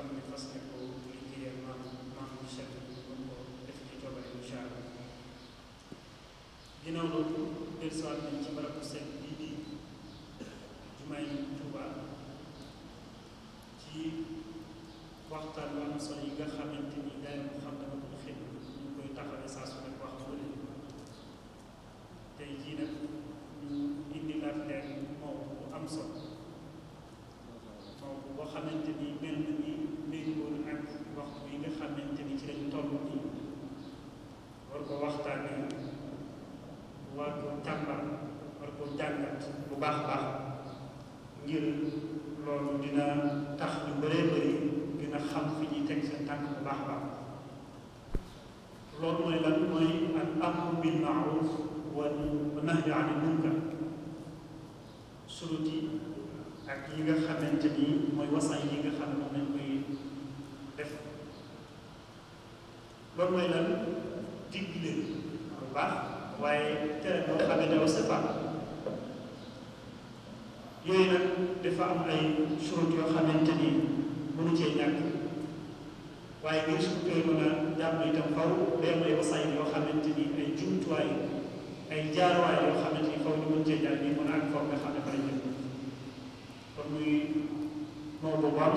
xam ne fas ne ko liggéeyal maam maam bu sell bi mën ko def ci coobare incha allah ginnaaw loolu dellusiwaat nañ ci barabu sell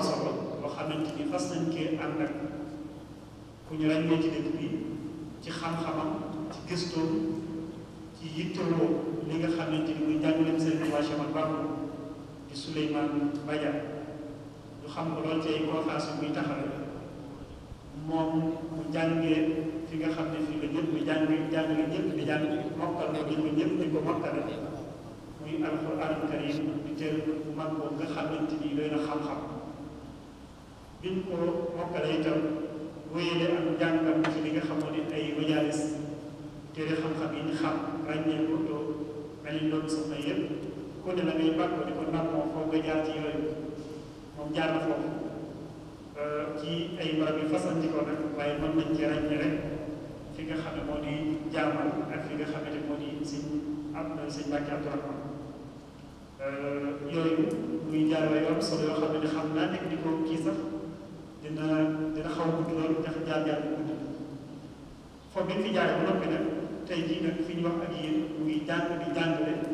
solo xam xamante ni fas nañ cee ànd ak ku ñu ràññee ci dëkk bi ci xam-xamam ci gëstoom ci yittewoo li nga xam ko lool ci ay conférence muy taxawee mu jàngee fi nga xam ne fii la ñëpp di jàng jàngale ñëpp di jàng mokkal ko di ko mag boobu nga xamante ni doy na xam-xam. biñ ko mokkale itam wéyale ak jàngam ci li nga xamoon ay majaalis téere xam-xam yi ñu xam ràññee ko too ni doon soxna yëpp nga jaar ci yooyu moom jaar na foofu ci ay barab yu fasanti ko nag waaye mën nañ ci ràññee rek fi nga xam ne moo di jaamal ak fi nga xamante moo di siñ am na siñ Mbàkke Abdourahman yooyu muy jaar la yoo am solo yoo xam ne xam naa nekk di ko kii sax dina dina xaw a gudd loolu ndax jaar-jaar bu gudd foofu bi ñu fi jaaree ba noppi nag tey jii nag fi ñu wax ak yéen mu ngi jàng di jàngale li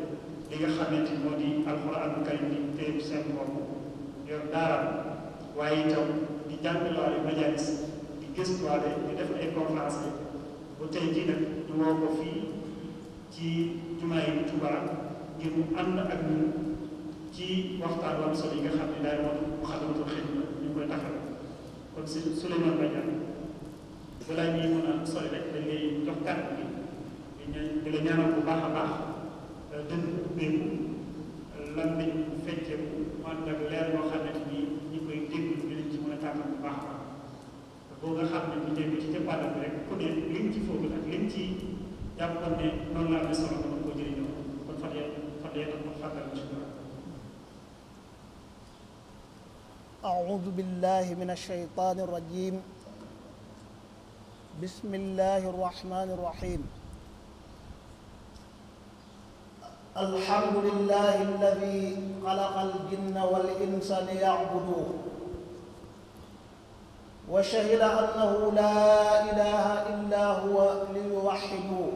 di alxuraanul karim di téye seen di jàngalewaale majalis di def ay conférence tey jii nag ñu woo ko fii ci jumaa yi Tuuba ngir mu ànd ak ñun ci waxtaan wam solo yi nga xam ne daay moom mu xadamatul xidma ñu koy taxal kon si Souleymane Badiane balaa ñuy mën a sori rek dañ jox kàddu gi di ñaan di bu baax a baax euh, dënn ubbeeku lan lañ fecceeku mu ànd ak leer boo xam ne nii ñi koy déglu dinañ ci mën a tàmbal bu baax a boo nga xam ne bu ñëwee ci jëppaatam rek ku ne liñ ci foofu ak liñ ci jàppoon ne noonu laa amee solo mën koo jëriñoo kon fan yàlla fan yàlla ko fàttal ci أعوذ بالله من الشيطان الرجيم بسم الله الرحمن الرحيم الحمد لله الذي خلق الجن والإنس ليعبدوه وشهد أنه لا إله إلا هو ليوحدوه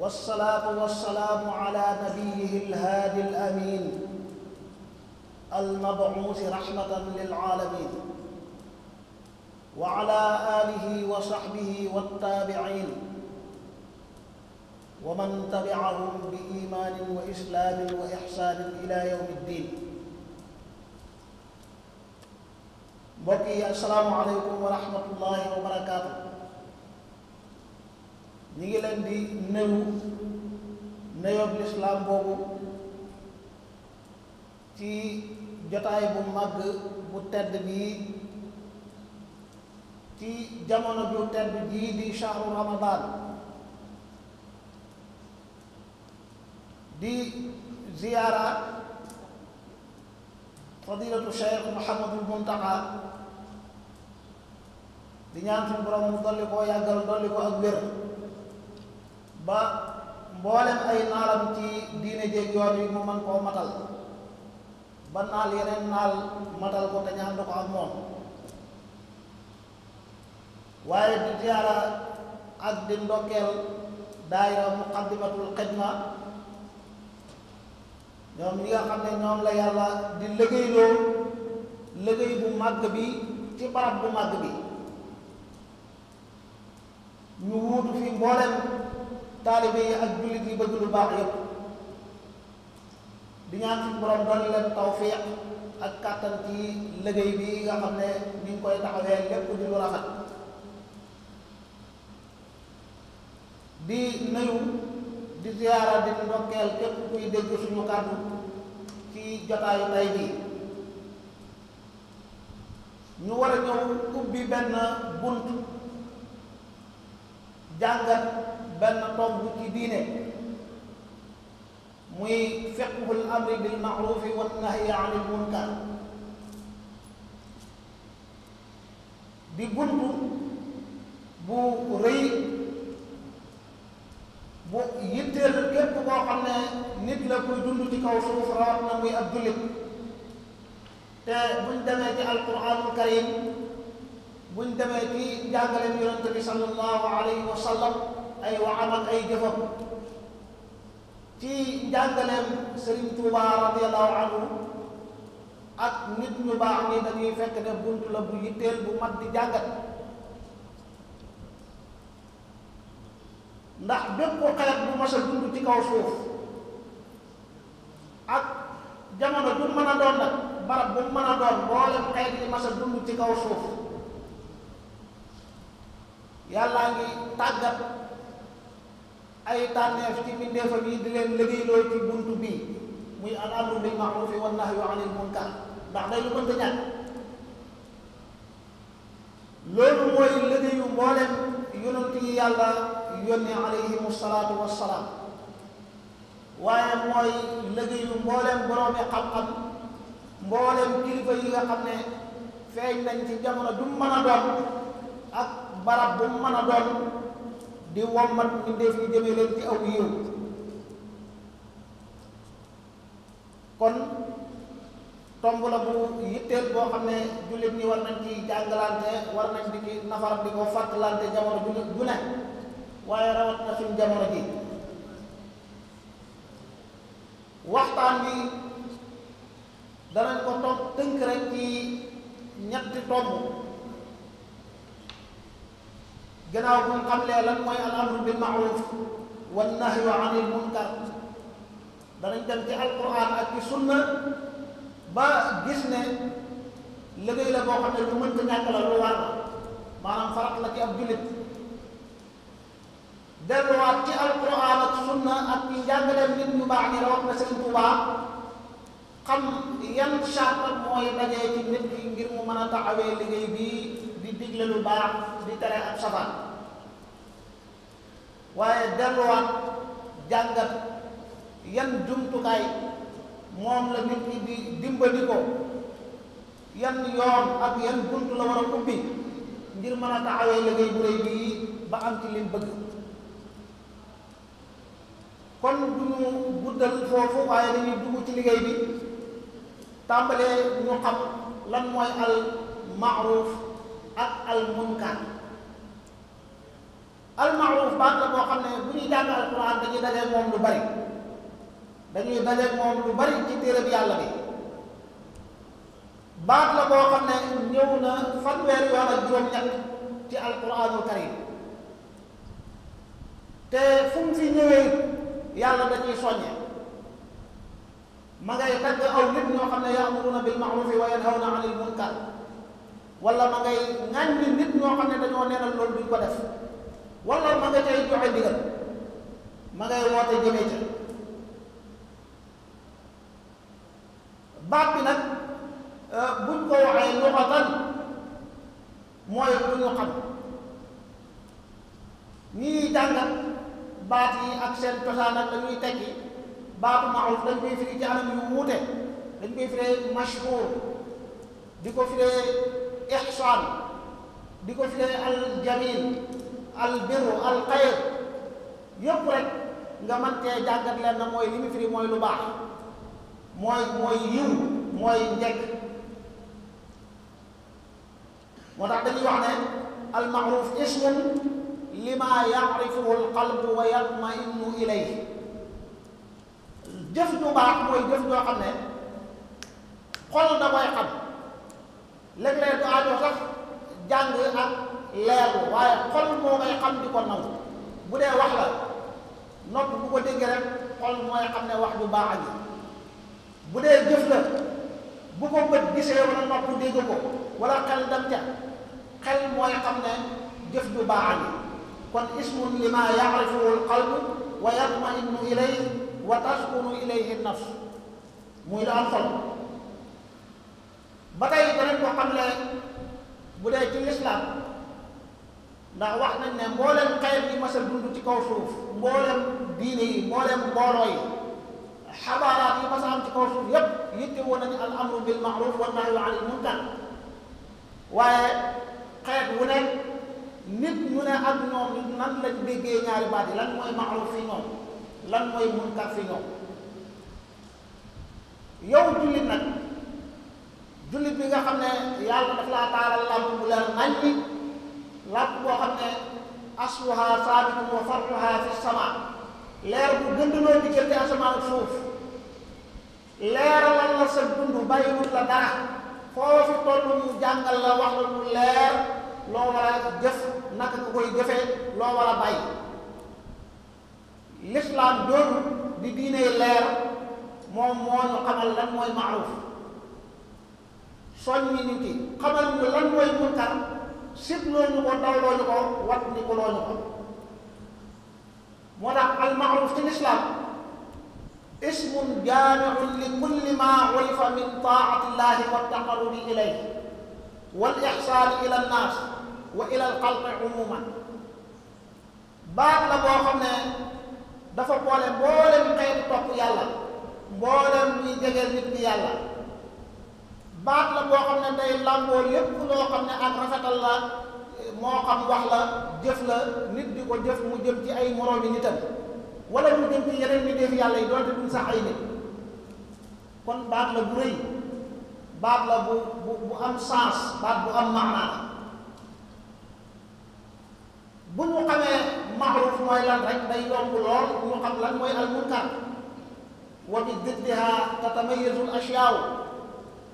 والصلاة والسلام على نبيه الهادي الأمين المبعوث رحمة للعالمين وعلى آله وصحبه والتابعين ومن تبعهم بإيمان وإسلام وإحسان إلى يوم الدين mbokki asalaamualeykum wa rahmatullahi wa barakaatu ñi ngi leen di néewu néyoob lislaam boobu ci jotaay bu màgg bu tedd bii ci jamono ju tedd jii di shahru ramadan di ziyaara fadilatu cheikh Mouhamadul Muntaqa di ñaan suñu mu dolli koo yàggal dolli ko ak wér ba mboolem ay naaram ci diine jéeg yoon yi mu mën koo matal ba naal yeneen naal matal ko te ñaan du ko am moom waaye di ziyaara ak di ndokkeel daayira muqaddimatul xidma ñoom ñi nga xam ne ñoom la yàlla di liggéeyloo liggéey bu màgg bi ci barab bu màgg bi ñu wuutu fi mboolem taalibe ak jullit yi bëgg lu baax yépp di ñaan suñu borom doon leen ak kàttan ci liggéey bi nga xam ne ñu ngi koy taxawee lépp di lu rafet di nuyu di ziyaara di ndokkeel képp kuy dégg suñu kàddu ci jotaayu tay bi ñu war a ñëw ubbi benn bunt jàngat benn tomb ci diine muy fiqhul amri bil ma'rufi wan nahyi anil munkar di buntu bu rëy bu yitteel képp koo xam ne nit la koy dund ci kaw suuf rawat na muy ab jullit te buñ demee ci alquranul karim buñ demee ci jàngaleem yonente bi sallallahu alayhi wa sallam ay waxam ak ay jëfam ci njàngaleem Serigne Touba radiyallahu anhu ak nit ñu baax ni dañuy fekk ne bunt la bu yitteel bu mat di jàngat ndax bépp xeet bu mas a dund ci kaw suuf ak jamono ju mën doon nag barab bu mën doon mboolem xeet yi mas dund ci kaw suuf yàllaa ngi tàggat ay tànneef ci mbindeefam yi di leen liggéeyloo ci buntu bii muy al amru bil ma'rufi wan nahyu anil munkar ndax day lu mboolem yonent yi yàlla yónni alayhimu salaatu wassalaam waaye mooy liggéeyu mboolem boroomi xam-xam mboolem kilifa yi nga xam ne feeñ nañ ci jamono du mën a doon ak barab bu mën a doon di wommat mbindeef yi jëmee leen ci aw yiw kon tomb la bu yitteel boo xam ne jullit ñi war nañ ci jàngalante war nañ di ci nafar di ko fàttalante jamono ju ju waaye rawat na suñ jamono ji waxtaan bi danañ ko toog tënk rek ci ñetti tomb gannaaw bu ñu xamlee lan mooy al amru bil maaruf wan nahyu anil munkar danañ dem ci ak sunna ba gis ne la boo xam ne lu mënta ñàkk la lu war maanaam farat la ci ab jullit delluwaat ci alquran ak sunna ak ci njàngaleem nit ñu baax ni rawat na Sëriñ Tuubaa xam yan charte mooy dajee ci mu mën a taxawee liggéey bii di lu baax di tere ab safaan waaye delluwaat jàngat yan jumtukaay moom la nit ñi di dimbali ko yan yoon ak yan bunt la war a ubbi ngir mën a taxawee liggéey bu rëy bii ba am ci lim bëgg kon du ñu guddal foofu waaye dañuy dugg ci liggéey bi tàmbalee ñu xam lan mooy al ak al almaaruf baat la boo xam ne bu ñuy jàng alquran dañuy dajeeg moom lu bari dañuy dajeeg moom lu bari ci téereb yàlla bi baat la boo xam ne ñëw na fanweer yoon ak juróom-ñett ci alquranul karim te fu mu fi ñëwee yàlla dañuy soññe ma ngay tagg aw nit ñoo xam ne yaamuruna bil maarufi wa yanhawna anil munkar wala ma ngay ŋàññi nit ñoo xam ne dañoo neenal loolu duñ ko def wala ma nga tey joxe ndigal ma ngay woote jëmee ca baat bi nag euh, buñ ko waxee luxatan mooy lu ñu xam ñuy jàngal baat yi ak seen cosaan ak dañuy tekki baatu maaruf dañ koy firi ci anam yu wuute dañ koy firee mashhur di ko firee ixsaan di ko firee al albiru alxayr yëpp rek nga mën cee jàngat na mooy li mu firi mooy lu baax mooy mooy yiw mooy njëkk moo tax dañuy wax ne almaaruf ismun lima yaarifuhu alqalbu wa yatmainu ilayhi jëf ju baax mooy jëf joo xam ne xol da koy xam léeg-léeg du aajo sax jàng ak leerlu waaye xol moo ngay xam di ko nangu bu dee wax la nopp bu ko déggee rek xol mooy xam ne wax bu baax a bu dee jëf la bu ko bët gisee wala nopp dégg ko wala xel dem ca xel mooy xam ne jëf bu baax a kon ismun lima yaarifuhu alqalbu wa yatmainu wa taskunu ilayhi nafs muy la am xol ba tey beneen boo xam ne bu dee ci lislaam ndax wax nañ ne mboolem xeet yi mas a dund ci kaw suuf mboolem diine yi mboolem mbooloo yi xabaaraat yi mas a am ci kaw suuf yépp yitte woon nañu al amru bil maaruf wa nit ñu ne ak ñoom nan lañ déggee ñaari baat yi lan mooy maaruf fi ñoom lan mooy munkar fi ñoom yow jullit nag jullit bi nga xam ne yàlla daf laa taaral làmp bu leer nañ làkk boo xam ne asluha saabitun wa far'uha fi sama leer bu gënd loo diggante asamaan ak suuf leeralal la sa dund bàyyiwul la dara foo fi mu jàngal la wax la lu leer loo war a jëf naka nga koy jëfee loo war a bàyyi lislaam doonu di diine leer moom moo ñu xamal lan mooy maaruf soññi nit yi xamal ñu lan mooy munkar sib looñu ko daw looñu ko wat ni ko looñu ko moo tax al maaruf ci lislaam ismun jaamiun li kulli maa ulifa min taati llahi wa taqarrubi ilayhi wal ixsaani ila annaas wa ila al xalqi umuman baat la boo xam ne dafa boole mboolem xeetu topp yàlla mboolem ñuy jegeel nit ki yàlla baat la boo xam ne day làmboo lépp loo xam ne ak rafetal la moo xam wax la jëf la nit di ko jëf mu jëm ci ay moroomi nitam wala mu jëm ci yeneen ñi def yàlla yi doonte duñ sax ay nit kon baat la bu rëy baat la bu bu am sens baat bu am maanaa bu ñu xamee maxruf mooy lan rek day lan mooy al munkar wa bi diddiha tatamayazu al ashyaaw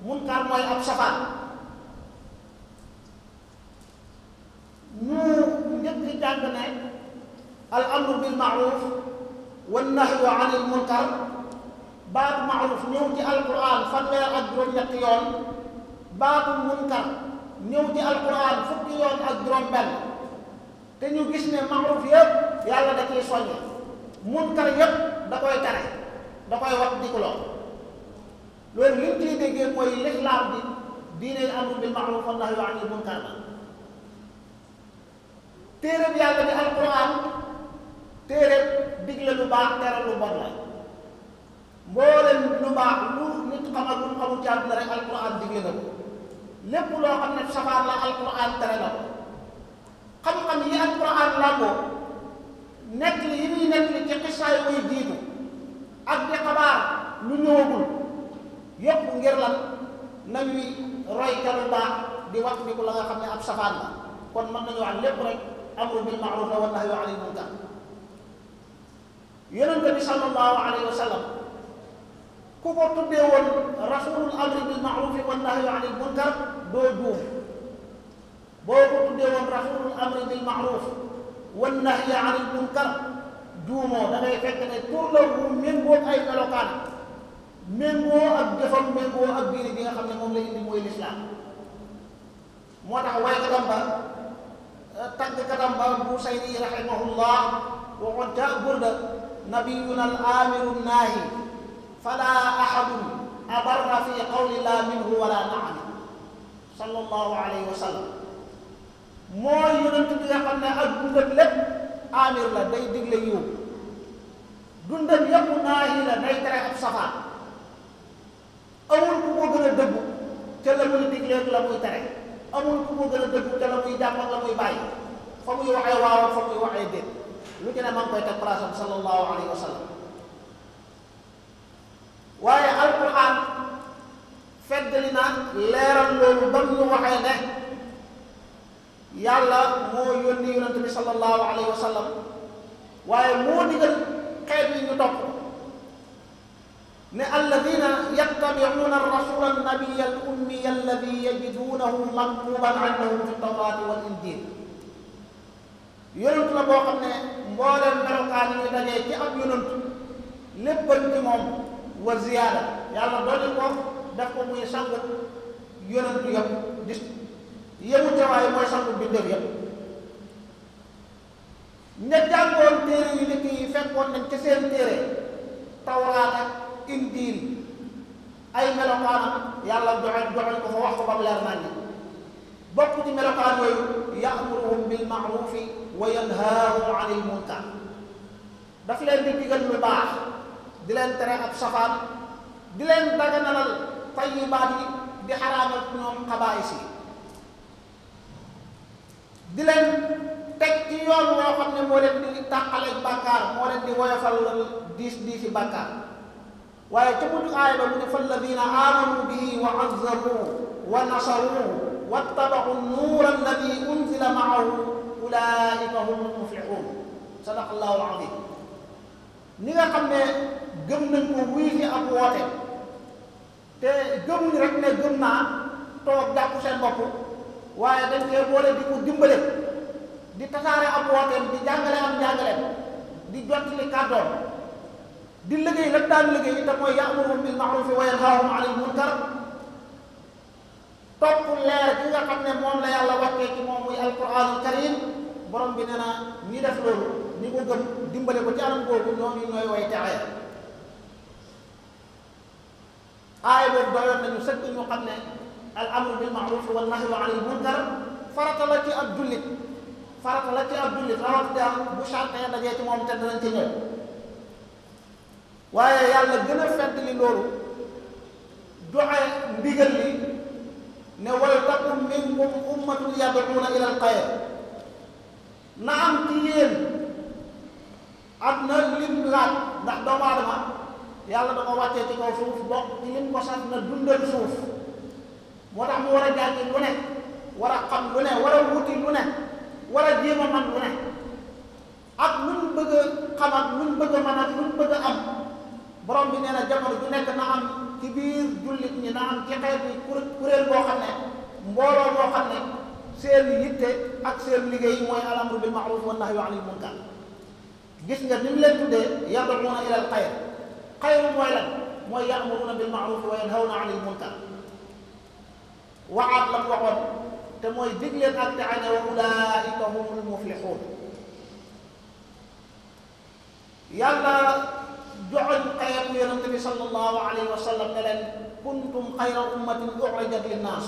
munkar mooy ab safaan ñu njëkk jàng ne al amru bil maaruf wan nahyu anil munkar baatu maaruf ñëw ci alquran fanweer ak juróom-ñett yoon baatu munkar ñëw ci alquran fukki yoon ak juróom-benn te ñu gis ne maaruf yëpp yàlla da ciy munkar yëpp da koy tere da koy wax dikuloo loolu li ñu ciy déggee mooy lislaam bi diine amru bil ma'ruf wa nahyu anil munkar la téereb yàlla bi alquran téereb digle lu baax tere lu bon la mboolem lu nit xam ak lu mu xamul ci àdduna rek alquran digle na ko lépp loo xam ne safaan la alquran tere na ko xam-xam yi alquran làmboo nekk yi muy nekk ci xisaay muy jiitu ak di xabaar lu ñëwagul yépp ngir lan nañuy roy ca lu baax di wax ni ku la nga xam ne ab safaan la kon mën nañu wax lépp rek amru bil ma'ruf la wa nahyu anil munkar yonente bi sallallahu alayhi wa sallam ku ko tuddee woon rasulul amri bil ma'ruf wa nahyu anil munkar doo juum boo ko tuddee woon rasulul amri bil ma'ruf wa nahyu anil munkar juumoo da ngay fekk ne tur la wu méngoo ay melokaan méngoo ak defam méngoo ak diine bi nga xam ne moom lay indi mooy lislaam moo tax waykatam ba tàggkatam ba bu sayri rahimahullah waxoon ca burda nabiyuna al amiru naahi fala ahadun abarra fi qawli la minhu wala naani sallallahu alayhi wa sallam mooy yonent bi nga xam ne ak dundam lépp amir la day digle yiw dundam yépp naahi la day tere ab safaan la muy digleeg la muy tere amul ku ko a dëgg te la muy jàpp waxee ne maa ngi koy teg place am sallallahu alayhi wa waaye na mu waxee ne yàlla moo ne alladina yattabiuna arrasula annabiya al ummiya alladi yajidunahu maktuban indahum fi tawraati wal injil yonent la boo xam ne mbooleem melokaan yi dajee ci ab yonent léppan ci moom wa ziyaada yàlla dooli ko def ko muy sangu yonent yëpp gis yëmu tewaay mooy sangu bindéef yëpp ña jàngoon téere yu njëkk yi fekkoon nañ ca seen téere tawraat ak indiil ay melokaanam yàlla joxe joxe ko wax ko ba mu leer naññ bokk ci melokaan yooyu ya'muruhum bil ma'rufi wa yanhaahum anil munkar daf leen di digal lu baax di leen tere ab safaan di leen daganalal tayyibaat yi di xaraamal ñoom xabaayis yi di leen teg ci yoon woo xam ne moo leen di tàqaleeg bàkkaar moo leen di woyofal diis diisi bàkkaar waaye ca buntu aaya ba mu ne falladina amanu bihi wa azzaruhu wa nasaruhu wattabacu nuura alladi unzila maahu ulaika hum muflixuun sadaqa allahu alazim ni nga xam ne gëm nañ ko wuy fi ab woote te gëmuñ rek ne gëm naa toog jàpp seen bopp waaye dañ cee boole di ko dimbale di tasaare ab wooteem di jàngale am jàngaleem di jottali kàddoom di liggéey la daan liggéey te mooy ya'muruhum bil ma'rufi wa yanhahum 'anil munkar ne moom la yàlla karim borom bi nee na ñi def loolu ñi ko gëm dimbale ko ci anam googu ñooñu ñooy way texe aaya boobu doyoon nañu sëkk ñu xam ne al amru bil ma'ruf wa nahyu anil munkar farata la ci ab jullit farata la ci ab jullit rawatina bu charte dajee ci moom te danañ ci ñëw waaye yàlla gën a fedd li loolu joxe ndigal li ne wal takun minkum ummatun yad'una ila al-khayr na am ci yéen am na lim laaj ndax doomu aadama yàlla da wàccee ci kaw suuf bokk ci lim ko sax na dundal suuf moo tax mu war a jàngi lu ne war a xam lu ne war a wuti lu ne war a jéem lu ne ak lu mu bëgg a lu mu bëgg a ak lu mu bëgg am borom bi nee na jamono bu nekk na am ci biir jullit ñi na am ci xeet bi kuréel boo xam ne mbooloo boo xam ne seen yitte ak seen liggéey mooy al amru bil ma'ruf wa nahyu anil munkar gis nga ni mu leen tuddee yad'uuna ila al xayr xayru mooy lan mooy ya'muruuna bil ma'ruf wa yanhawna anil munkar waxaat la mu waxoon te mooy digleen ak te aña wa ulaa'ika humul muflixuun yàlla joxoñ xeetu yonente bi sallallahu alayhi wa sallam ne leen kuntum xayra ummatin uxrijat linnaas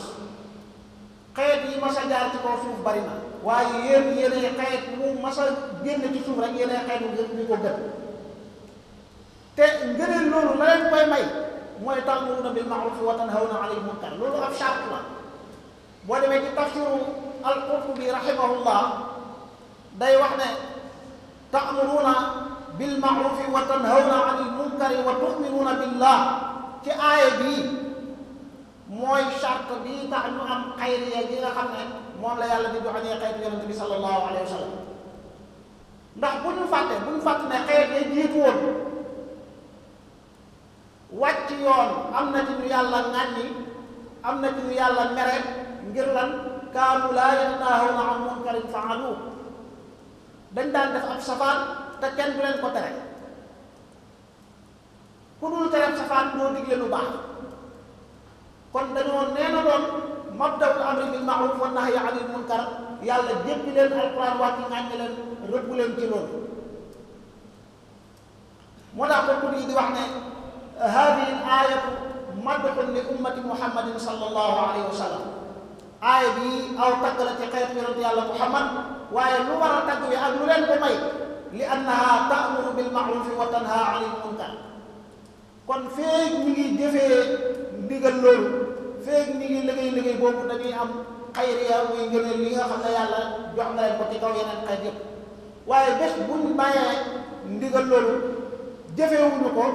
xeet yi mas a jaar ci kaw suuf bari na waaye yéen yéenay xeet mu mas a génn ci suuf rek yéenay xeet mu ñu ko gën te ngëneel loolu la leen koy may mooy ta'muruuna bil ma'ruuf wa tanhawna anil munkar loolu ab charte la boo demee ci tafsiru al-Qurtubi rahimahullah day wax ne ta'muruuna bil ma'rufi wa tanhawna 'anil munkari wa tu'minuna billah ci aaya bii mooy charte bii tax ñu am xayriya gi nga xam ne moom la yàlla di joxañee xeetu yonente bi sallallahu alayhi wa sallam ndax bu ñu fàtte bu ñu fàtte ne xeet ya jiitu woon wàcc yoon am na ci ñu yàlla ŋàññi am na ci ñu yàlla mere ngir lan kaanu laa yanahawna an munkarin faalu dañ daan def ab safaan te kenn du leen ko tere ku dul tere safaan doo digle lu baax kon dañoo nee na doon mabdawul amri bil ma'ruf wa nahyi anil munkar yàlla jéppi leen alquran wàcc ngàññ leen rëbb leen ci loolu moo tax ko kut yi di wax ne hadihi l ayatu madxun li ummati muhammadin sallallahu alayhi wa sallam aaya bi aw tagg la ci xeetu yonent yàlla muhammad waaye lu war a tagg bi ak lu leen ko may li annaha taamuru bil maarufi wa tanha anil munkar kon feeg ñi ngi jëfee ndigal loolu feeg ñi ngi liggéey liggéey boobu dañuy am xayriya muy ngëneel li nga xam ne yàlla jox na leen ko ci kaw yeneen xeet yëpp waaye bés buñ bàyyee ndigal loolu jëfeewuñu ko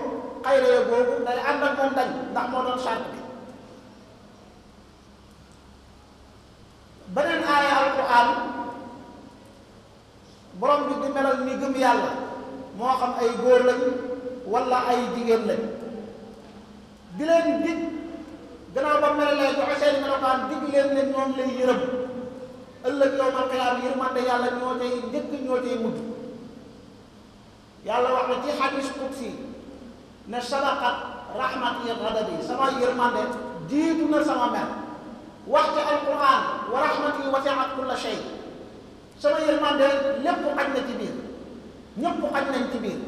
xayriya boobu day ànd ak moom dañ ndax moo doon sart bi beneen aaya alquran borom bi di melal ni gëm yàlla moo xam ay góor lañ wala ay jigéen lañ di leen dig gannaaw ba melalee joxe seen melokaan dig leen ne ñoom lay yërëm ëllëg yow yërmande yàlla ñoo tey njëkk ñoo tey mujj yàlla wax na ci xadis qudsi ne sabaqat rahmati ghadabi sama yërmande jiitu na sama mer wax ci alquran wa rahmati wasi'at kulla shay sama yërmande lépp xaj na ci biir ñëpp xaj nañ ci biir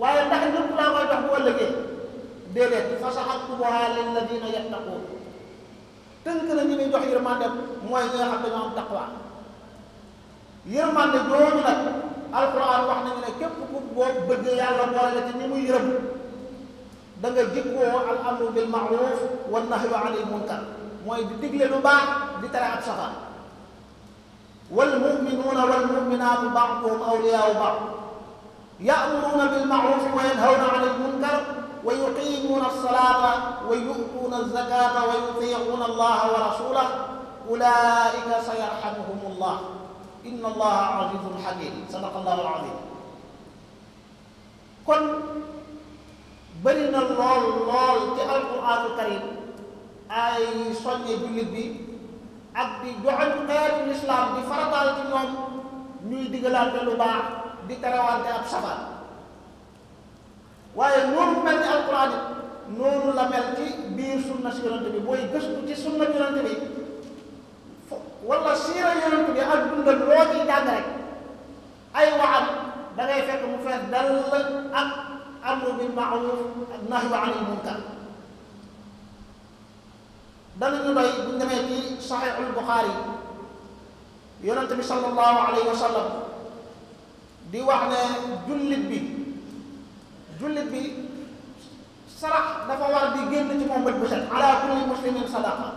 waaye ndax ñëpp laa koy jox bu ëllëgee déedéet fa saxatubuha lilladina yattaquun tënk na ñu muy jox yërmande mooy ñi nga xam dañoo am taqwa yërmande jooju nag alquran wax nañu ne képp ku boo bëgg yàlla boole la ci ñi muy yërëm da nga jikkoo al amru bil ak wa nahyu anil digle lu baax di tere ab safar والمؤمنون والمؤمنات بعضهم أولياء بعض يأمرون بالمعروف وينهون عن المنكر ويقيمون الصلاة ويؤتون الزكاة ويطيعون الله ورسوله أولئك سيرحمهم الله إن الله عزيز حكيم صدق الله العظيم kon bëri na lool lool ci alquraanul karim ay soññe jullit bi ak di joxañ xeetu lislaam di farataal ci ñoom ñuy digalante lu baax di terewante ab safar waaye noonu mel ni alquran it la mel ci sunna si yonante bi mooy gëstu ci sunna yonante bi wala siira yonante bi ak dundal loo ciy jàng ay waxam da fekk mu fees dal ak amru bil maaruf ak nahyu anil munkar danañu doy bu ñu demee ci saxiixul buxaari yonent bi sallallahu alayhi wa di wax ne jullit bi jullit bi sarax dafa war di génn ci moom bët bu ala kulli muslimin sadaqa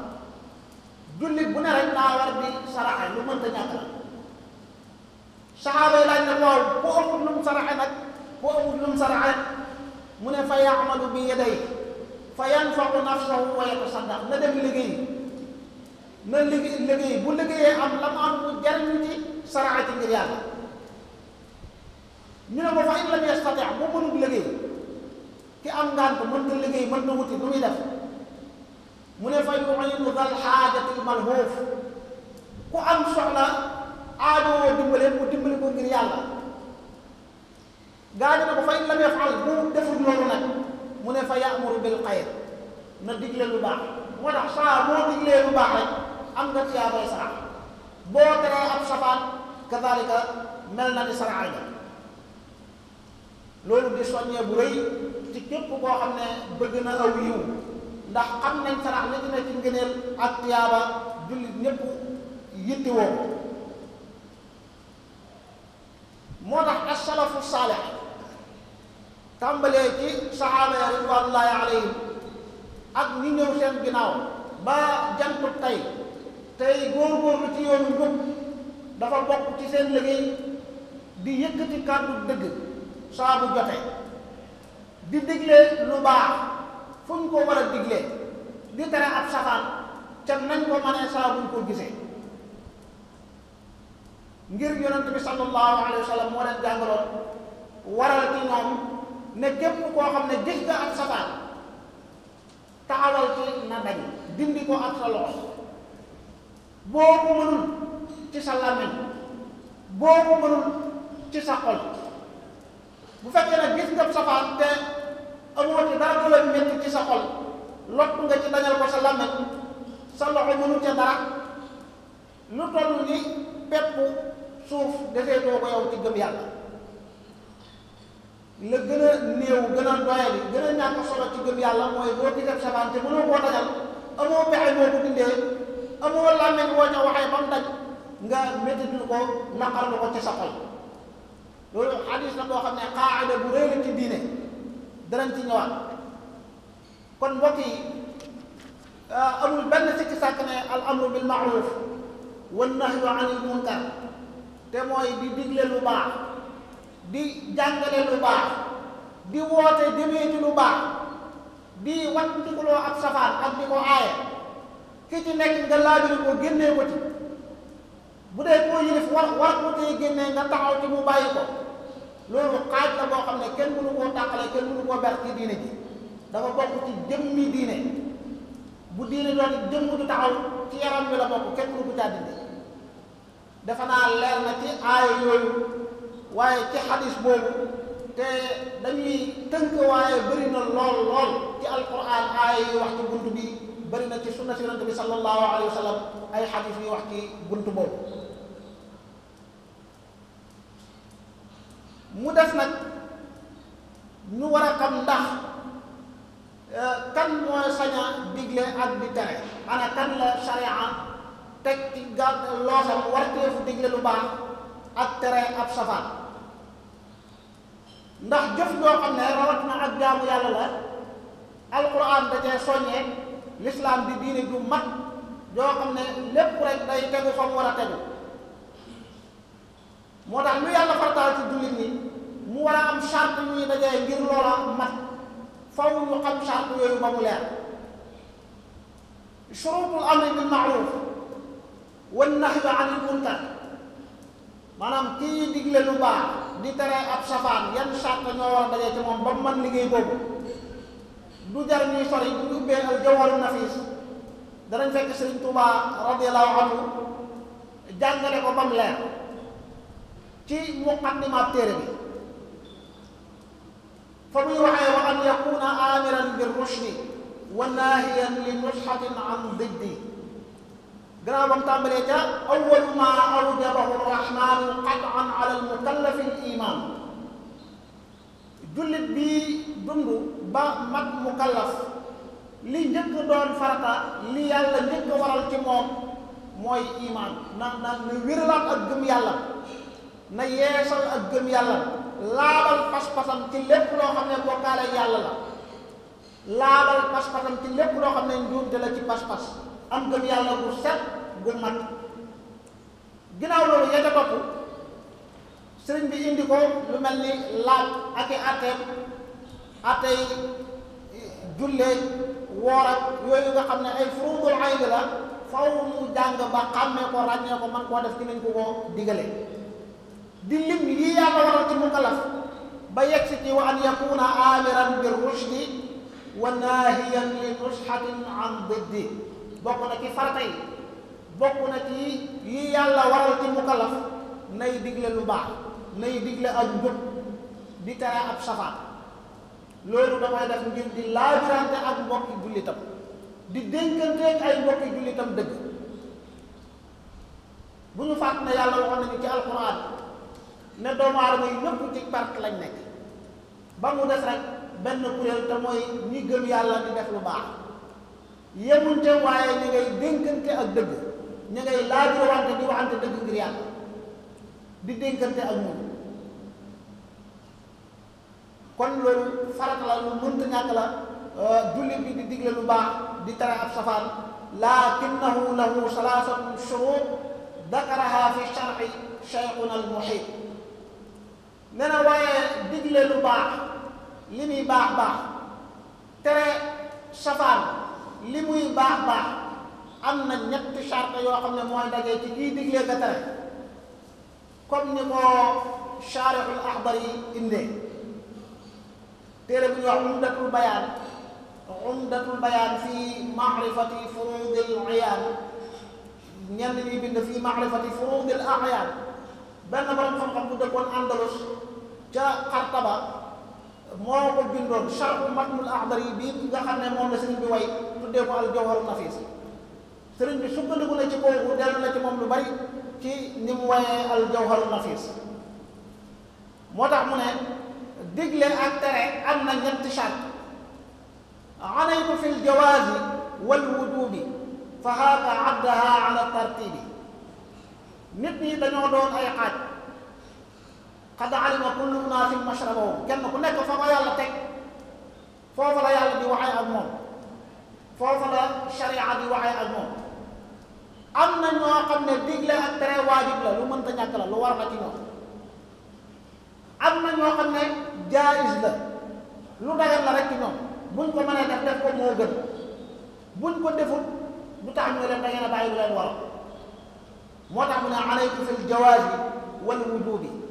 jullit bu ne rek daa war di saraxe lu mënta ñàkk la saxaaba yi laaj na lool bu amul mu saraxe nag mu ne fa yaamalu bi yadayhi fa yanfaqu nafsahu a yatasaddaq na dem liggéey na liggéey liggéey bu liggéeyee am la mu am mu jariñ ci saraa ci ngir yàlla ñu ne ko fa in lam yastati bu mënul liggéey ki am ngànt mën na liggéey mën na wuti lu muy def mu ne fa yu'inu dal xaajatil malhuuf ku am soxla aajowoo dimbale mu dimbale ko ngir yàlla gaa ñu ne ko fa in lam yafal bu deful loolu nag mu ne fa yaamuru bil xayr na digle lu baax moo tax saa boo diglee lu baax rek am nga tiyaabay sarax boo teree ab safaan kadalika mel na ni saraxal nga loolu di soññee bu rëy ci képp koo xam ne bëgg na aw yiw ndax xam nañ sarax li dina ci ngëneel ak tiyaaba jullit ñépp yitti woo moo tax as salafu tàmbalee ci saxaaba ya ridwanullahi alayhim ak ñu seen ginnaaw ba jantu tey tey góorgóorlu ci yoonu njub dafa bokk ci seen liggéey di yëkkati kàddu dëgg saa bu di digle lu baax fu ñu ko war a diglee di tere ab safaan ca nañ ko mënee saa buñ ko gisee ngir yonent bi sallallahu alayhi wa sallam jàngaloon waral ci ñoom ne képp koo xam ne gis nga ab safaan taxawal ci na dañ dindi ko ak sa loxo boo ko mënul ci sa làmmiñ boo mënul ci sa xol bu fekkee ne gis nga ab safaan te amoo ci dara la métti ci sa xol lott nga ci dañal ko sa làmmiñ sa loxo mënul ca dara lu toll ni pepp suuf defee doo ko yow ci gëm yàlla la gën a néew gën a doyali gën a ñàkk solo ci gëm yàlla mooy boo digal sabaan te mënoo koo dajal amoo pexe moo ko dindee amoo làmmiñ woo ca waxee ba mu daj nga méttitul ko naqar lu ko ci sa loolu xadis la boo xam ne qaada bu rëy la ci diine danañ ci ñëwaat euh, benn sikki sàkk ne al amru bil maaruf wan nahyu anil munkar te mooy di digle lu baax di jàngale lu baax di woote demee ci lu baax di wattikuloo ak safaan ak di ko aaye ki ci nekk nga laajul ko génnee ko ci bu dee koo yilif war war ko tey génnee nga taxaw ci mu bàyyi ko loolu xaaj la boo xam kenn mënu koo tàqale kenn mënu koo ber ci diine ji dafa bokk ci jëmmi diine bu diine doon jëmm du taxaw ci yaram bi la bokk kenn mënu ko caa dindi defe naa leer na ci aaya yooyu waaye ci xadis boobu te dañuy tënk waaye bëri na lool lool ci alquran aaya yi wax ci bunt bi bëri na ci sunna si yonent bi sallallahu alayhi wa ay xadis yi wax ci bunt boobu mu des nag ñu war a xam ndax euh, kan mooy saña digle ak di tere ana kan la sharia teg ci gàtt loosam warteefu digle lu baax ak tere ab safaan ndax jëf joo xam ne rawat na ak jaamu yàlla la alquran da cee soññee lislaam bi diine ju mat joo xam ne lépp rek day tegu fa mu war a tegu moo tax lu yàlla fartaal ci jullit ñi mu war a am charte ñuy dajee ngir loola mat faw ñu xam charte yooyu ba mu leer shurutul amri bil ma'ruf wan nahyu anil munkar maanaam kii digle lu baax di tere ab safaan yan sàrt ñoo war a dajee ci moom ba mu mën liggéey boobu du jar ñuy sori bu ñu ubbee al jawaru nafiis danañ fekk Sëriñ Tuuba radiyallahu anhu jàngale ko ba mu leer ci muqaddimaat téere bi fa muy waxee wa an yakuna amiran bi rushdi wa naahiyan li mushatin an diddi gannaaw ba mu tàmbalee ca awwalu maa awjabahu rahmaanu qatan ala almukallafi alimaan jullit bi dund ba mat mukallaf li njëkk doon farata li yàlla njëkk waral ci moom mooy imaan na na na wéralaat ak gëm yàlla na yeesal ak gëm yàlla laabal pas-pasam ci lépp loo xam ne bokkaale yàlla la laabal pas-pasam ci lépp loo xam ne njuumte la ci pas-pas am gëm yàlla bu set bu mat ginnaaw loolu ya ca topp indi ko lu mel ni laaj ak i atteem attey julleeg woor ak yooyu nga xam ne ay furuudul la faw mu jàng ba xàmmee ko ràññee ko man koo def ci nañ ko koo digale di lim yi yàlla waral ci mukallaf ba yegg si ci wa an yakuna amiran bi rushdi wa naahiyan li nushhatin an diddi bokk na ci farata yi bokk na ci yi yàlla waral ci mukallaf nay digle lu baax nay digle ak njub di tere ab safaan loolu dafay def ngir di laajurante ak mbokki jullitam di dénkanteeg ay mbokki jullitam dëgg bu ñu fàtt ne yàlla waxoon nañu ci alxuraan ne doomu aadama yi ci perte lañ nekk ba mu des rek benn kuréel te mooy ñi gëm yàlla di def lu baax yemunte waaye ñi ngay dénkante ak dëgg ñi ngay laajoo wante di waxante dëgg ngir yàlla di dénkante ak moom kon loolu farata la lu mënta ñàkk la euh, jullit bi di digle lu baax di tere ab safaan lakinnahu lahu waaye digle lu baax li muy baax baax tere safaan li muy baax baax am na ñetti charte yoo xam ne mooy dajee ci kii diglee ka tere comme ni ko charixul axbar yi indee téere bu ñuy wax umdatul bayaan umdatul bayaan fii maarifati furudil ayaan ñenn ñuy bind fii maarifati furudil ayaan benn borom xam-xam bu dëkkoon Andalus ca Xartaba moo ko bindoon charbu matnul axdar yi bii nga xam ne moom la sëriñ bi way tuddee ko al jawharu nafis sëriñ bi sukkandiku na ci kooku dellu na ci moom lu bari ci ni mu wayee al nafis moo tax mu ne digle ak tere am na ñetti charte anaytu fi ljawaazi wal wujubi fa haaka addaha ala tartibi nit ñi dañoo doon ay xaaj xad alima kullu unaasin mashrabahum kenn ku nekk fa ko yàlla teg foofa la yàlla di waxee ak moom foofa la di waxee ak moom am na ñoo xam ne digle ak tere waajib la lu mënta ñàkk lu war la ci ñoom am na ñoo xam ne lu dagal la rek ci ñoom buñ ko mënee def def ko moo gën buñ ko deful du tax ñu leen da a bàyyi lu leen moo tax mu ne alaykum fil wal wujuubi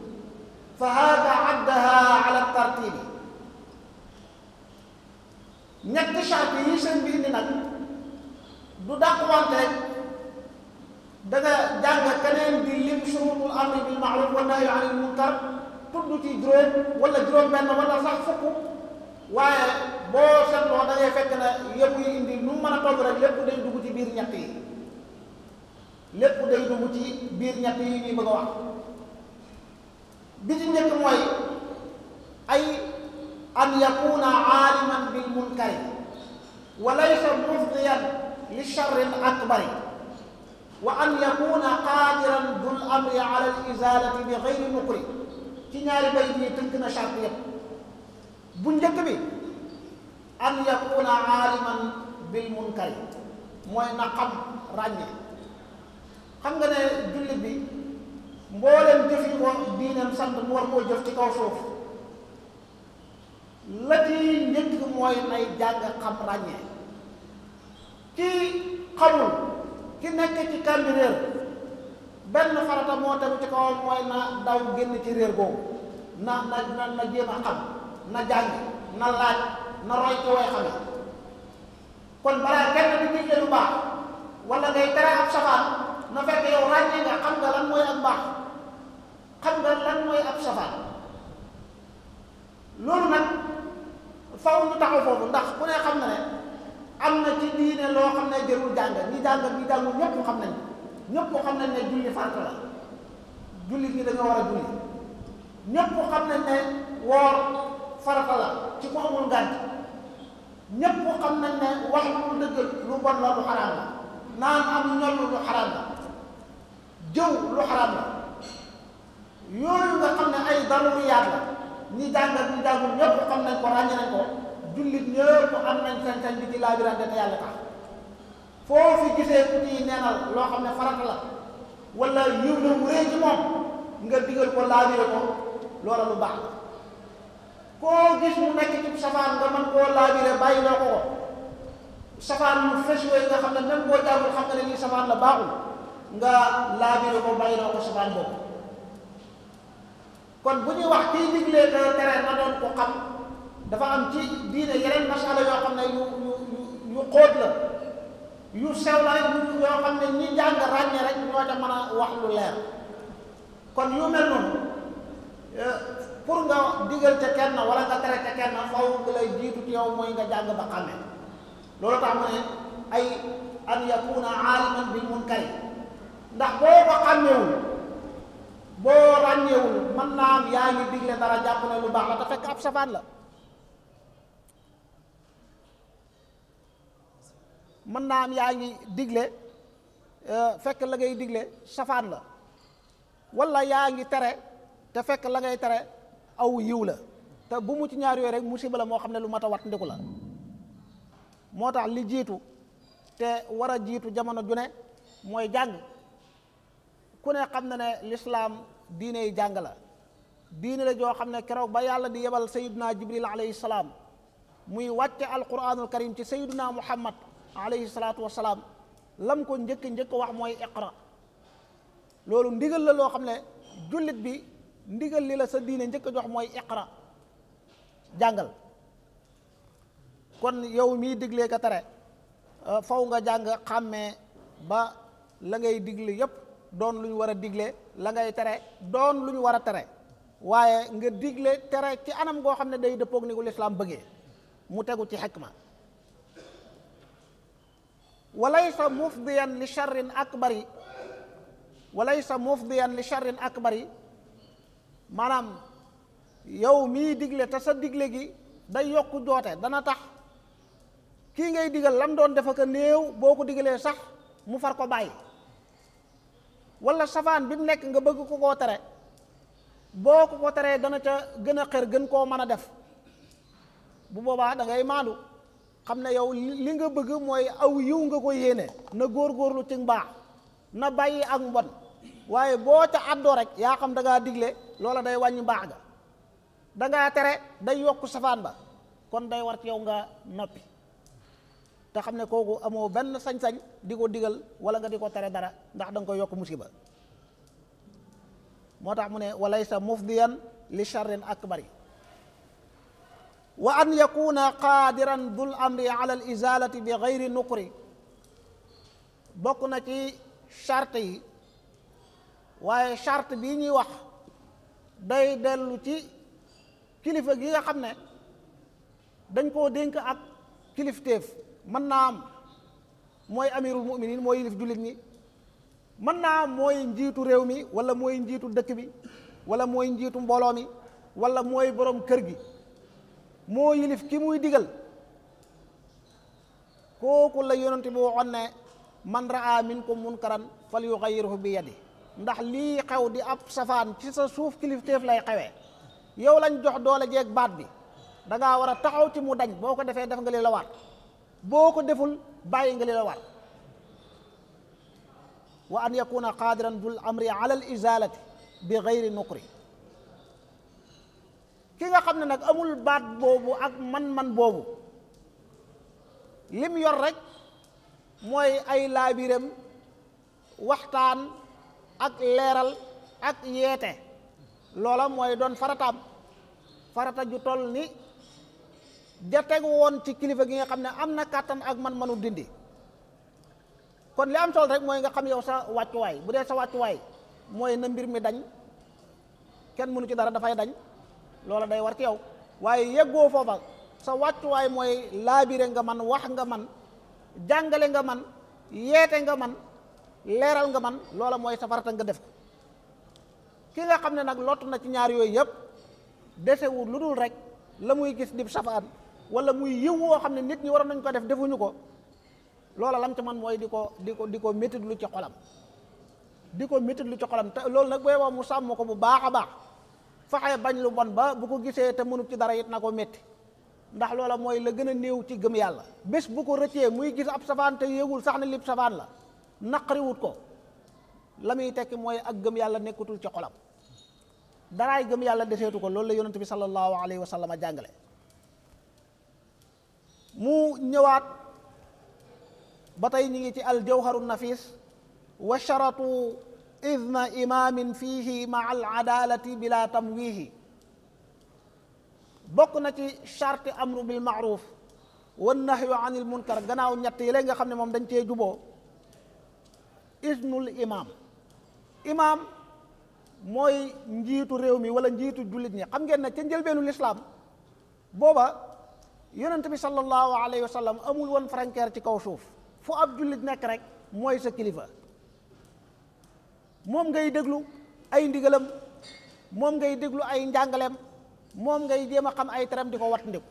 فهذا عدها على الترتيب ñetti charte yi seen biir ni nag du dàqwante da nga jàng keneen di lim surutul amri bil maaruf wa nahyi anil munkar tudd ci juróom wala juróom-benn wala sax fukk waaye boo seetloo da ngay fekk ne yëpp yi indi nu mën a togg rek lépp day dugg ci biir ñett yi lépp day dugg ci biir ñett yi ñuy bëgg a wax. bi ci nekk mooy ay an yakuna aaliman bil munkari wa laysa mufdiyan li charrin akbari wa an yakuna qadiran dul amri ala al izalati bi gayri nukri ci ñaari bay bii tënk na charte yëpp bu njëkk bi an yakuna aaliman bil munkari mooy na xam ràññe xam nga ne jullit bi mbooleem jëf yi ko diineem sant mu war koo jëf ci kaw suuf la ci njëkk mooy nay jàng xam ràññee kii xamul ki nekk ci kàmbi réer benn farata moo tegu ci kawam mooy na daw génn ci réer boobu na na na jéem a xam na jàng na laaj na roy ci way xame kon a kenn di digle lu baax wala ngay tere ab safaan na fekk yow ràññee nga xam nga lan mooy ak baax xam nga lan mooy ab safaan loolu nag faw ñu taxaw foofu ndax ku ne xam na ne am na ci diine loo xam ne jërul jàng ñi jàng ñi jàngul ñëpp xam nañ ne julli farata la julli ñi dañoo war a julli ñëpp xam nañ ne woor farata la ci ku amul ngànt ñëpp xam nañ wax lu dëgg lu bon la lu xaraam la naan am ñoll lu xaraam la jëw lu xaraam la yooyu nga xam ne ay daruriyaat la ñi jàngal ñi jàngul ñëpp xam nañ ko ràññe nañ ko jullit ñëpp am nañ sañ-sañ bi ci laabirante te yàlla tax xam ne farata la wala yiw la wu rëy ci moom nga digal ko laabire ko loola lu baax koo gis mu nekk ci safaan nga mën koo laabire bàyyi loo ko ko safaan mu fes yooyu nga xam ne même boo jàngul xam nga ne lii safaan la baaxul nga laabire ko bàyyi loo ko safaan boobu kon bu ñuy wax kiy diglee te tere na doon ko xam dafa am ci diine yeneen masala yoo xam ne yu yu yu xóot la yu sew la yoo xam ne ñi jàng ràññee rek ñoo ca lu leer kon yu mel noonu euh, pour nga digal wala nga tere ca kenn nga mooy jàng ba xàmmee loolu tax mu ay an yakuna aaliman bil munkari ndax boo ko xàmmeewul boo ràññeewul mën naa am yaa ngi digle dara jàpp ne lu baax la te fekk ab safaan la mën naa am yaa ngi digle eh, fekk la ngay digle safaan la wala yaa ngi tere te fekk la ngay tere aw yiw la te bu mu ci ñaar yooyu rek musiba la moo xam ne lu mat a wat ndiku la moo tax li jiitu te war a jiitu jamono ju ne mooy jàng ku ne xam na ne lislaam diine yi jàng la diine la joo xam ne keroog ba yàlla di yebal sayiduna jibril alayhi salaam muy wàcce alquranul karim ci sayiduna muhammad alayhi salaatu wasalaam lam ko njëkk njëkk wax mooy iqra loolu ndigal la loo xam ne jullit bi ndigal li la sa diine njëkk jox mooy iqra jàngal kon yow miy diglee ka tere faw nga jàng xàmme ba la ngay digle yépp doon lu ñu war a digle la ngay tere doon lu ñu war a tere waaye nga digle tere ci anam goo xam ne day dëppoog ni ko lislaam bëggee mu tegu ci xikma walaysa mufdiyan li charrin akbari walaysa mufdiyan li ak bari maanaam yow mii digle te sa digle gi day yokku joote dana tax kii ngay digal lan doon defa ko néew boo ko digalee sax mu far ko bàyyi wala safaan bi mu nekk nga bëgg ko koo tere boo ko ko teree dana ca gën a xër gën koo mën a def bu boobaa dangay ngay maandu xam na yow li nga bëgg mooy aw yiw nga ko yéene na góor góorlu ci mbaax na bàyyi ak mbon waaye boo ca àddoo rek yaa xam dangaa ngaa digle loola day wàññi mbaax ga da tere day yokk safaan ba kon day war ci yow nga noppi te xam ne kooku amoo benn sañ-sañ di ko digal wala nga di ko tere dara ndax danga koy yokk musiba moo tax mu ne walaysa mufdiyan li charrin akbari wa an yakuna qaadiran bokk na ci charte yi waaye charte bi ñuy wax day dellu ci kilifa gi nga xam ne dañ koo dénk ak kilifteef mën naa am mooy amirul muminin mooy yilif jullit ñi mën naa am mooy njiitu réew mi wala mooy njiitu dëkk bi wala mooy njiitu mbooloo mi wala mooy borom kër gi moo yilif ki muy digal kooku la yonente bi waxoon ne man ko minkum munkaran fal yuxayyiruhu bi yadi ndax lii xew di ab safaan ci sa suuf kilifteef lay xewee yow lañ jox doole jeeg baat bi dangaa war a taxaw ci mu dañ boo ko defee def nga li la war boo ko deful bàyyi nga li la war wa an yakuna qadiran dul amri ala izalati bi gayri nuqri ki nga xam ne nag amul baat boobu ak man-man boobu lim yor rek mooy ay laabiram waxtaan ak leeral ak yeete loola mooy doon farataam farata ju tol ni ja tegu woon ci kilifa gi nga xam ne am na kàttan ak man manu dindi kon li am solo rek mooy nga xam yow sa wàccuwaay bu dee sa wàccuwaay mooy na mbir mi dañ kenn mënu ci dara dafay dañ loola day war ci yow waaye yeggoo foofa sa wàccuwaay mooy laabire nga man wax nga man jàngale nga man yeete nga man leeral nga man loola mooy sa farata nga def ki nga xam ne nag lott na ci ñaar yooyu yëpp desewul lu dul rek la muy gis dib safaan wala muy yiw woo xam ne nit ñi waroon nañ ko def defuñu ko loola lam ca man mooy di ko di ko di ko métit lu ci xolam di ko métit lu ci xolam te loolu nag booy mu sàmm ko bu baax a baax faxee bañ lu bon ba bu ko gisee te mënut ci dara it na ko métti ndax loola mooy la gën a néew ci gëm yàlla bés bu ko rëccee muy gis ab safaan te sax ne lib safaan la naqariwut ko la muy tekki mooy ak gëm yàlla nekkatul ci xolam daraay gëm yàlla deseetu ko loolu la yonent bi sallallahu alayhi wa sallam jàngale mu ñëwaat ba tey ñu ngi ci aljawharu nafis wa sharatu idna imaamin fiihi ma al bila tamwihi bokk na ci charte amru bil maaruf wa nahyu anil munkar gannaaw ñett yi léegi nga xam ne moom dañ cee juboo isnul imaam imaam mooy njiitu réew mi wala njiitu jullit ñi xam ngeen ne ca njëlbeenu lislaam booba yonent bi sallallahu alayhi wa sallam amul woon frontière ci kaw suuf fu ab jullit nekk rek mooy sa kilifa moom ngay déglu ay ndigalam moom ngay déglu ay njàngaleem moom ngay jéem a xam ay teram di ko wat ndiku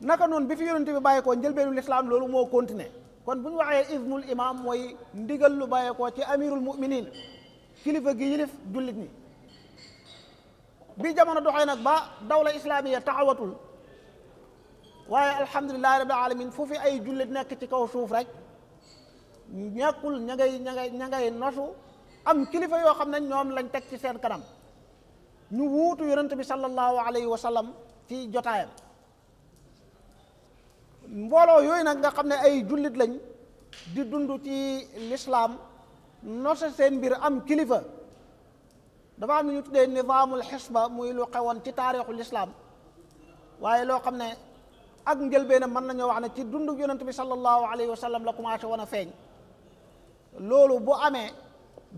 naka noonu bi fi yonent bi bàyyeekoo njëlbeenu lislaam loolu moo continué kon bu ñu waxee ismul imam mooy ndigal lu bàyyeekoo ci amirul muminin kilifa gi yilif jullit ñi bi jamono doxee nag ba dawla islaamiya taxawatul waaye alhamdulilahi rabbil alamin fu fi ay jullit nekk ci kaw suuf rek ñàkkul ña ngay ña nosu am kilifa yoo xam ne ñoom lañ teg ci seen kanam ñu wuutu yonent bi sallallahu alayhi wa sallam ci jotaayam mbooloo yooyu nag nga xam ne ay jullit lañ di dund ci lislaam nose seen mbir am kilifa dafa am lu ñu tuddee nizaamul xisba muy lu xewoon ci taarixu lislaam waaye loo xam ne ak njëlbeenam mën nañoo wax ne ci dundug yonent bi sallallahu alayhi wa la commencé woon a feeñ loolu bu amee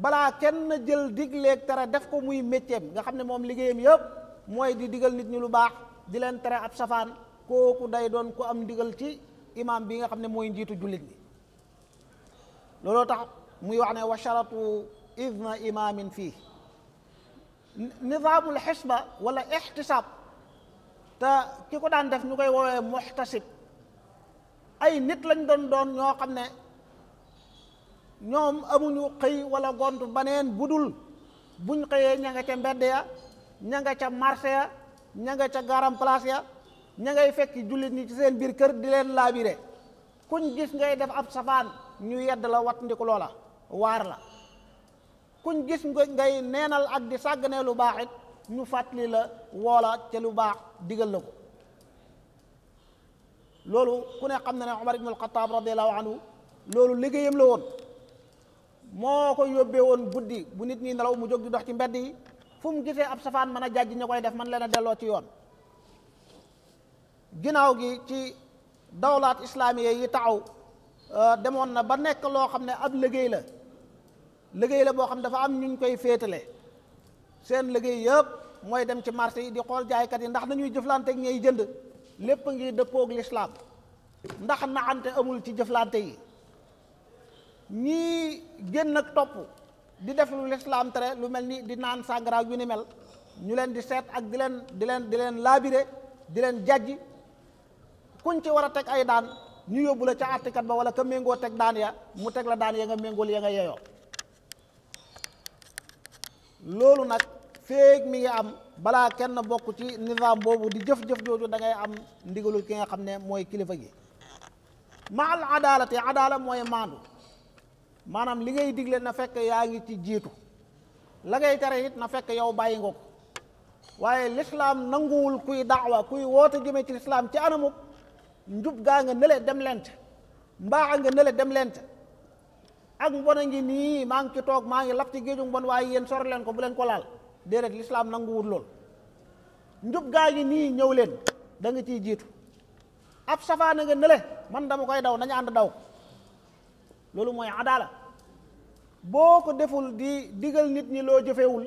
balaa kenn jël digleeg tere def ko muy métteem nga xam ne moom liggéeyam yëpp mooy di digal nit ñi lu baax di leen tere ab safaan ku day doon ku am ndigal ci imaam bi nga xam ne mooy njiitu jullit bi looloo tax muy wax ne wa sharatu idna imaamin fii nizaamul xisba wala ixtisaab te ki ko daan def ñu koy woowee muxtasib ay nit lañ doon doon ñoo xam ne ñoom amuñu xëy wala gont baneen dul buñ xëyee ña nga ca mbedd ya ña nga ca marché ya ña nga ca garam place ya ña ngay fekk jullit ñi ci seen biir kër di leen laabire kuñ gis ngay def ab safaan ñu yedd la wat ndiku loola waar la kuñ gis ngay neenal ak di sàgganee lu baax ñu fàttali la woola ca lu baax digal la ko loolu ku ne xam na ne Omar ibn al-Khattab radiyallahu anhu loolu liggéeyam la woon moo ko yóbbee woon guddi bu nit ñi nelaw mu jóg di dox ci mbedd yi fu mu gisee ab safaan man a jàjj ña koy def man leen a delloo ci yoon ginnaaw gi ci dawlaat islaamiya yi taxaw euh, demoon na ba nekk loo xam ne ab liggéey la liggéey la boo xam dafa am ñu koy féetale seen liggéey yëpp mooy dem ci marché yi di xool jaaykat yi ndax nañuy jëflante ak ñay jënd lépp ngi dëppoog lislaam ndax naxante amul ci jëflante yi ñii génn ak topp di def lu lislaam tere lu mel ni di naan sàngara yu ni mel ñu leen di seet ak di leen di leen di leen laabire di leen jàjji kuñ ci war a teg ay daan ñu yóbbu la ca àttikat ba wala ka méngoo teg daan ya mu teg la daan ya nga méngool ya nga yeyoo loolu nag féeg mi ngi am balaa kenn bokk ci nizaam boobu di jëf-jëf jooju da ngay am ndigalul ki nga xam ne mooy kilifa gi maal adaalati adaala mooy maandu maanaam li ngay digle na fekk yaa ngi ci jiitu la ngay tere it na fekk yow bàyyi nga ko waaye lislaam nanguwul kuy daawa kuy woote jëmee ci lislaam ci anamuk njub gaa nga nële dem lent mbaaxa nga nële dem lent ak mbon a ngi nii maa ngi ci toog maa ngi lap ci géeju mbon waaye yéen sor leen ko bu leen ko laal déedéet lislaam nanguwul lool njub gaa ngi nii ñëw leen danga ciy jiitu ab safaana nga nële man dama koy daw nañu ànd daw loolu mooy adaala boo ko deful di digal nit ñi loo jëfewul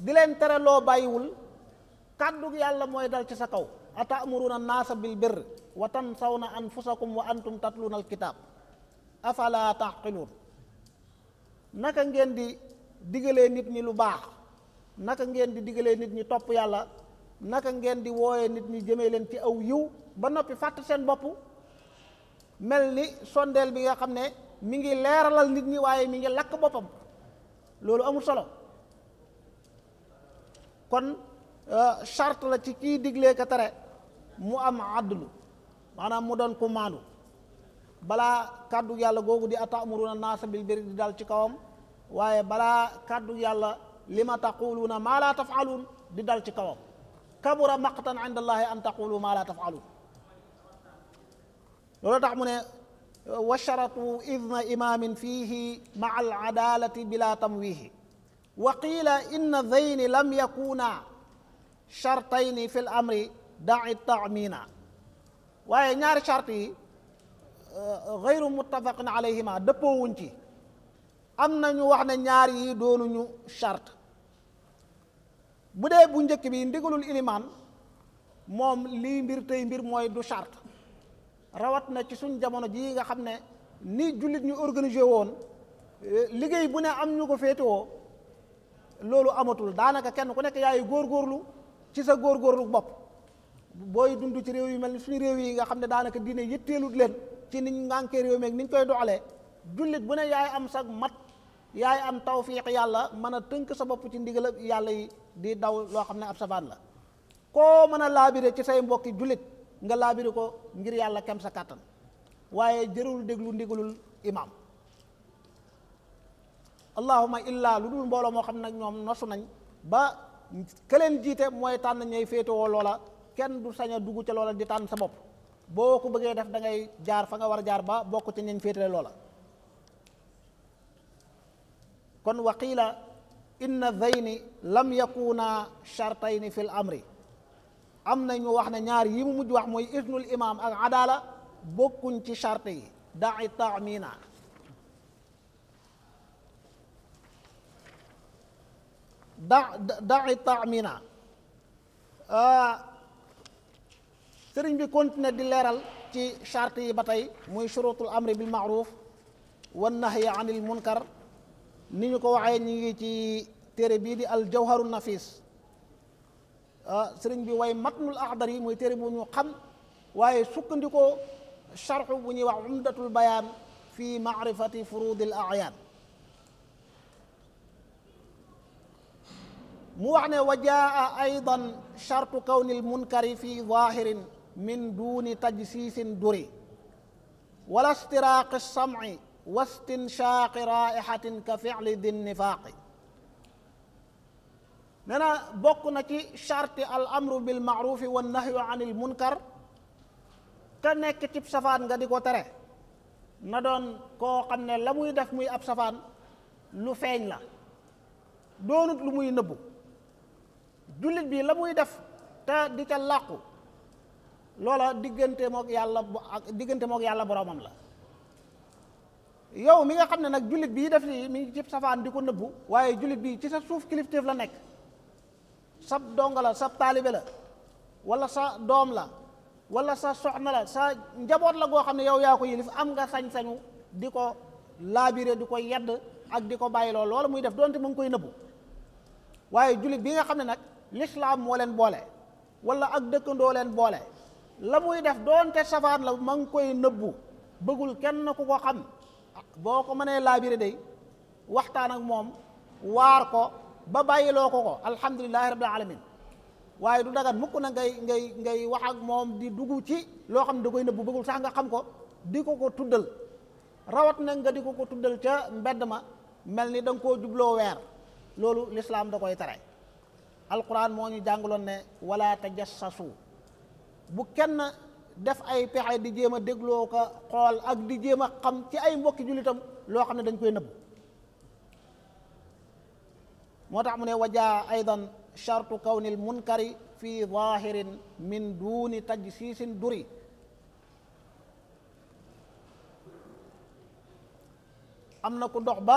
di leen tere loo bàyyiwul kàddu yàlla mooy dal ci sa kaw atamuruna naasa bil birr wa tansawna anfusakum wa antum tatluna alkitab afala taqiluun naka ngeen di digalee nit ñi lu baax naka ngeen di digalee nit ñi topp yàlla naka ngeen di wooyee nit ñi jëmee leen ci aw yiw ba noppi fàtt seen bopp mel ni sondeel bi nga xam ne mi ngi leeralal nit ñi waaye mi ngi lakk boppam loolu amul solo kon euh, charte la ci kii diglee ka tere mu am àddulu maanaam mu doon ku maandu balaa kàddu yàlla googu di atamuruna naasa bil birri di dal ci kawam waaye balaa kàddu yàlla lima taquluuna maa laa tafaaluun di dal ci kawam kabura maqtan inda allahi an taqulu maa laa tafaaluun loolu tax mu ne washaratu idna imaamin fiihi maa al adalati bila tamwihi wa qiila inna zeyni lam yakuna chartayni fi l amri daci taamina waaye ñaari charte yi xayru muttafaqin alayhima dëppoowuñ ci am na ñu wax ne ñaar yi doonuñu chart bu dee bu njëkk bi ndigalul ilimaan moom lii mbir tey mbir mooy du charte rawat na ci suñ jamono jii nga xam ne ni jullit ñu organisé woon liggéey bu ne am ñu ko féetewoo loolu amatul daanaka kenn ku nekk yaay góorgóorlu ci sa góorgóorlu bopp booy dund ci réew yu mel ni suñu réew yi nga xam ne daanaka diine yitteelut leen ci niñ ngànkee réew meeg niñ koy doxalee jullit bu ne yaay am sag mat yaay am tawfiq yàlla mën a tënk sa bopp ci ndigal yàlla yi di daw loo xam ne ab safaan la koo mën a laabire ci say mbokki jullit nga laabire ko ngir yàlla kem sa kàttan waaye jërul déglu ndigalul imaam allahuma illa lu dul mbooloo moo xam nag ñoom nosu nañ ba keleen jiite mooy tànn ñay féetewoo loola kenn du sañ dugg ca loola di tànn sa bopp boo ko bëggee def da ngay jaar fa nga war a jaar ba bokk ci ñeñ féetale loola kon waqila inna zeyni lam yakuna chartayni fi amri am na ñu wax ne ñaar yi mu mujj wax mooy isnul imam ak adala bokkuñ ci charte yi dai taamina da taamina ah, sëriñ bi continué di leeral ci charte yi ba tey muy shurutul amri bi maaruf wan nahyi anil munkar ni ñu ko waxee ñu ngi ci téere bii di al jawharu nafis ah, sëriñ bi way matnul axdar yi muy téere bu ñu xam waaye sukkandikoo charxu bu ñuy wax umdatul bayaan fi maarifati furudil ayaan mu wax ne wa jaa aydan chartu kawnil munkari fi zahirin min duuni tajsiisin duri wala istiraaqi samci wa stinchaaqi raaihatin ka fili di nifaaqi nee na bokk na ci charte al amru bil maarufi wa nahyu an il ka nekk cib safaan nga di ko tere na doon koo xam ne la muy def muy ab safaan lu feeñ la doonut lu muy nëbbu jullit bi la muy def te di ca làqu loola diggante mook yàlla ak diggante mook yàlla boroomam la yow mi nga xam ne nag jullit bii def lii safaan di ko nëbbu waaye jullit bii ci sa suuf kilifteef la nekk sab donga la sab la wala sa doom la wala sa soxna la sa njaboot la goo xam ne yow yaa ko yilif am nga sañ di ko laabire di ko yedd ak di ko bàyyi lool muy def donte mu koy nëbbu waaye jullit bi nga xam ne nag lislaam moo leen boole wala ak dëkkandoo leen boole la muy def doonte safaan la ma ngi koy nëbbu bëggul kenn ku ko xam boo ko mënee laabire day waxtaan ak moom waar ko ba loo ko ko alhamdulilahi rabbil alamin waaye du dagan mukk na ngay ngay ngay wax ak moom di dugg ci loo xam ne da koy nëbbu bëggul sax nga xam ko di ko ko tuddal rawat na nga di ko ko tuddal ca mbedd ma mel ni danga koo jubloo weer loolu lislaam da koy tere alquran moo ñu jàngaloon ne wala tajassasu bu kenn def ay pexe di jéem a dégloo ko xool ak di jéem a xam ci ay mbokki jullitam loo xam ne dañ koy nëbb moo tax mu ne wajaa aydan chartu kawnil munkari fi zahirin min duni tajsiisin duri am na ku dox ba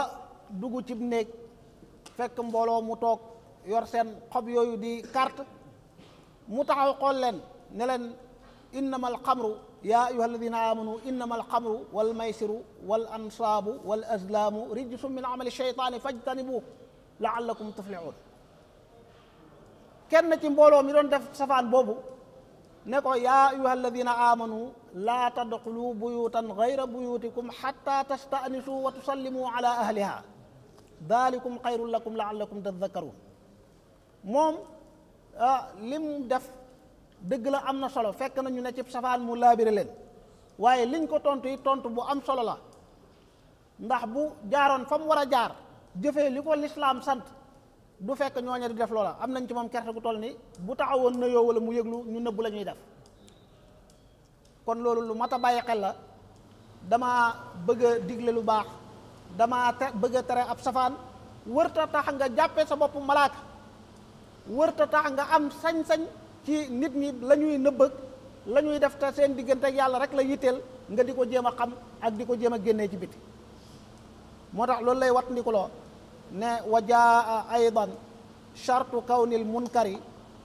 dugg cib néeg fekk mbooloo mu toog yor seen xob yooyu di kart mu taxaw xool leen ne leen innama alxamru yaa ayuha alladina amanu innama alxamru wal maysiru wal ansaabu wal azlaamu rijsum min amali sheytaani fajtanibu laallakum tuflixuun kenn ci mbooloo mi doon def safaan boobu ne ko yaa ayuha alladina amanu laa tadxulu buyutan gayra buyutikum xatta tastanisu wa tusallimu ala ahliha dalikum xayrun lakum laallakum tadakkaruun moom ah, lim def dëgg la am na solo fekk na ñu ne ci safaan mu laabire leen waaye liñ ko tontu yi tontu bu am solo la ndax bu jaaroon fa mu war a jaar jëfee li ko lislaam sant du fekk ñooña di def loola am nañ ci moom kerte gu toll ni bu taxawoon na yoo wala mu yëglu ñu nëbbu la ñuy def kon loolu lu mat a bàyyi xel la dama bëgg digle lu baax dama te bëgg a tere ab safaan wërta tax nga jàppe sa bopp malaaka wërta tax nga am sañ-sañ ci nit ñi lañuy ñuy nëbbëg la ñuy def te seen diggante yàlla rek la yitteel nga di ko jéem a xam ak di ko jéem a génnee ci biti moo tax loolu lay wat ndikuloo ne wa jaa aydan chartu kawnil munkari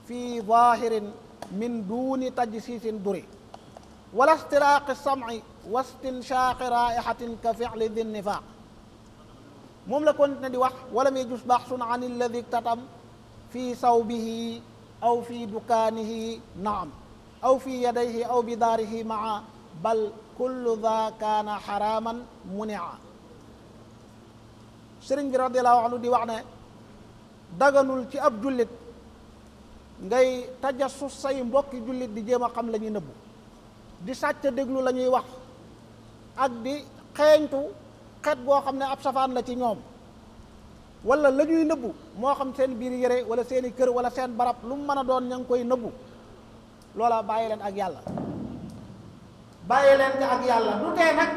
fi zahirin min duni tajsisin duri wala istiraaqi sam'i wa istinshaqi raihatin ka fili di nifaq moom la kon ne di wax walam yajus baxsun an alladi iktatam fi sawbihi aw fi bukaanihi naam aw fi yadayhi aw bi daarihi maa bal kullu da kaana xaraaman munia sëriñ bi radiallahu anhu di wax ne daganul ci ab jullit ngay tajassus say mbokki jullit di jéem a xam la ñuy nëbbu di sàcc déglu lañuy wax ak di xeeñtu xet boo xam ne ab safaan la ci ñoom wala la ñuy nëbbu moo xam seen biir yére wala seeni kër wala seen barab lu mu mën a doon ña ngi koy nëbbu loola bàyyi leen ak yàlla bàyyi leen ak yàlla du tee nag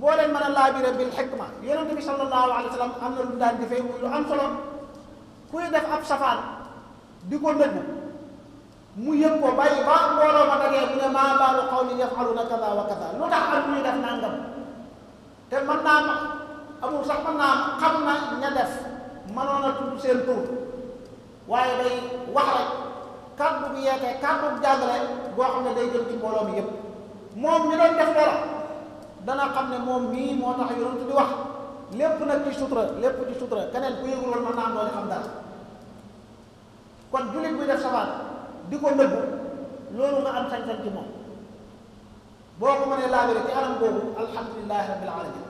boo leen mën a laabire bil xikma yonente bi sallallahu alayhi wa sallam am na lu daan defee muy lu am solo kuy def ab safaan di ko nëbbu mu yëg ko ba mbooloo ma dagee mu ne maa baalu qawmin yafaluna kaza wa kaza lu tax am ñuy def nangam te mën naa ma amul sax mën naa xam na ña def mënoon a tudd seen tur waaye day wax rek bu bi yeete kàddu bu jàngale boo xam ne day jëm ci mbooloo mi yépp moom mi doon def dara dana xam ne moom mii moo tax yonent di wax lépp nag ci sutura lépp ci sutura keneen ku yëgul woon mën naa xam dara kon jullit buy def safaan di ko nëbbu loolu nga am sañ-sañ ci moom boo ko mënee laabire ci anam boobu alhamdulilahi rabbil alamin